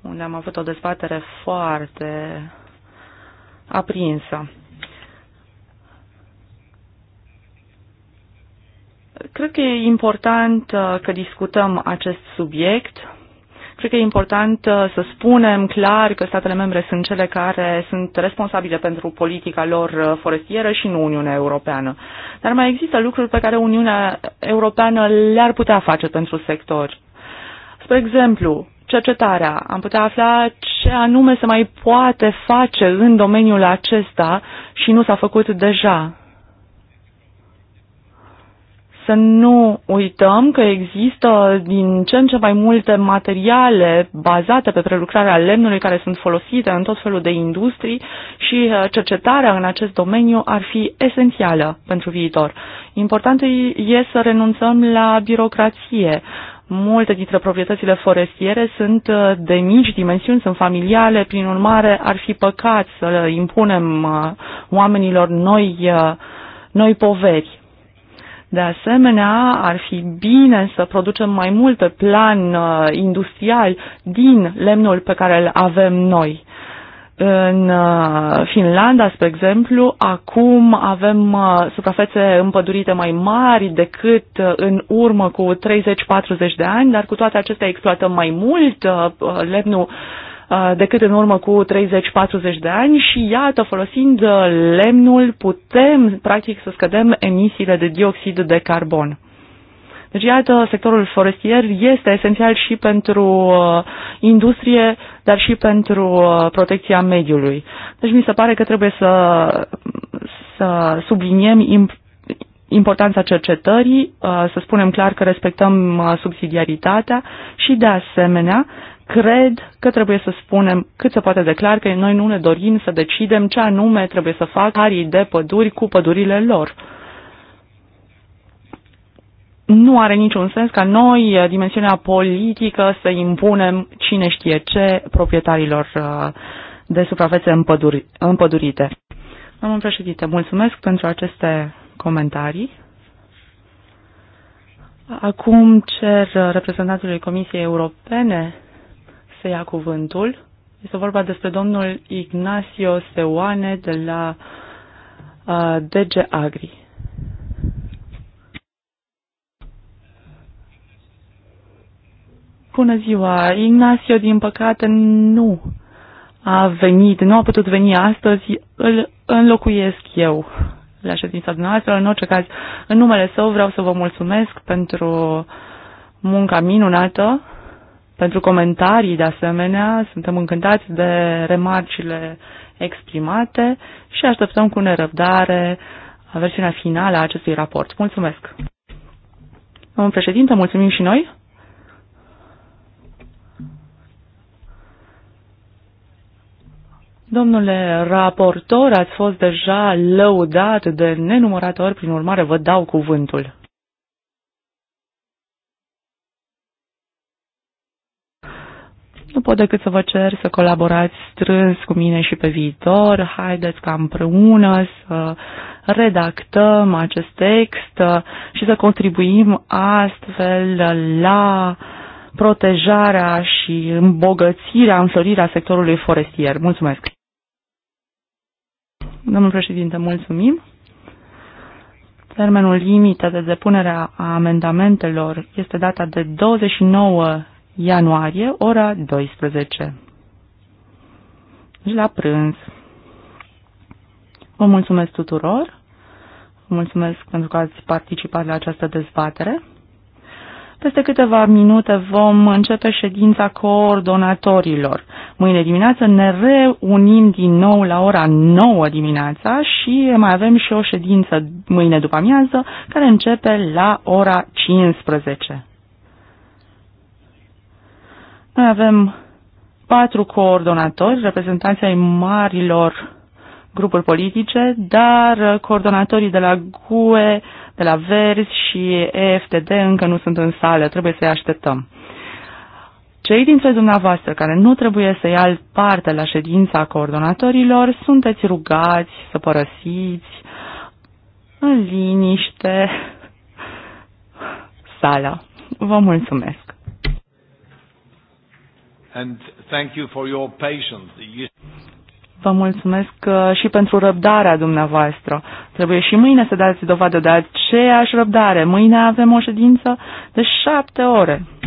unde am avut o dezbatere foarte aprinsă. Cred că e important uh, că discutăm acest subiect Cred că e important uh, să spunem clar că statele membre sunt cele care sunt responsabile pentru politica lor uh, forestieră și nu Uniunea Europeană. Dar mai există lucruri pe care Uniunea Europeană le-ar putea face pentru sector. Spre exemplu, cercetarea. Am putea afla ce anume se mai poate face în domeniul acesta și nu s-a făcut deja. Să nu uităm că există din ce în ce mai multe materiale bazate pe prelucrarea lemnului care sunt folosite în tot felul de industrii și uh, cercetarea în acest domeniu ar fi esențială pentru viitor. Important e să renunțăm la birocrație. Multe dintre proprietățile forestiere sunt uh, de mici dimensiuni, sunt familiale, prin urmare ar fi păcat să impunem uh, oamenilor noi, noi poveri. De asemenea, ar fi bine să producem mai multe plan uh, industrial din lemnul pe care îl avem noi. În uh, Finlanda, spre exemplu, acum avem uh, suprafețe împădurite mai mari decât în urmă cu 30-40 de ani, dar cu toate acestea exploatăm mai mult lemnul Uh, decât în urmă cu 30-40 de ani și iată, folosind uh, lemnul, putem practic să scădem emisiile de dioxid de carbon. Deci, iată, sectorul forestier este esențial și pentru uh, industrie, dar și pentru uh, protecția mediului. Deci, mi se pare că trebuie să, să subliniem imp- importanța cercetării, uh, să spunem clar că respectăm subsidiaritatea și, de asemenea, cred că trebuie să spunem cât se poate de clar că noi nu ne dorim să decidem ce anume trebuie să fac arii de păduri cu pădurile lor. Nu are niciun sens ca noi, eh, dimensiunea politică, să impunem cine știe ce proprietarilor eh, de suprafețe împăduri, împădurite. Domnul președinte, mulțumesc pentru aceste comentarii. Acum cer eh, reprezentantului Comisiei Europene să ia cuvântul. Este vorba despre domnul Ignacio Seoane de la uh, DG Agri. Bună ziua! Ignacio, din păcate, nu a venit, nu a putut veni astăzi, îl înlocuiesc eu la ședința dumneavoastră. În orice caz, în numele său vreau să vă mulțumesc pentru munca minunată pentru comentarii de asemenea. Suntem încântați de remarcile exprimate și așteptăm cu nerăbdare versiunea finală a acestui raport. Mulțumesc! Domnul președinte, mulțumim și noi! Domnule raportor, ați fost deja lăudat de nenumărate ori, prin urmare vă dau cuvântul. Nu pot decât să vă cer să colaborați strâns cu mine și pe viitor. Haideți ca împreună să redactăm acest text și să contribuim astfel la protejarea și îmbogățirea, înflorirea sectorului forestier. Mulțumesc! Domnul președinte, mulțumim! Termenul limită de depunere a amendamentelor este data de 29 ianuarie, ora 12. Și deci la prânz. Vă mulțumesc tuturor. Vă mulțumesc pentru că ați participat la această dezbatere. Peste câteva minute vom începe ședința coordonatorilor. Mâine dimineață ne reunim din nou la ora 9 dimineața și mai avem și o ședință mâine după amiază care începe la ora 15. Noi avem patru coordonatori, reprezentanții ai marilor grupuri politice, dar coordonatorii de la GUE, de la Verzi și EFTD încă nu sunt în sală, trebuie să-i așteptăm. Cei dintre dumneavoastră care nu trebuie să ia parte la ședința coordonatorilor, sunteți rugați să părăsiți în liniște sala. Vă mulțumesc! and thank you for your patience. Vă mulțumesc uh, și pentru răbdarea dumneavoastră. Trebuie și mâine să dați dovadă de aceeași răbdare. Mâine avem o ședință de șapte ore.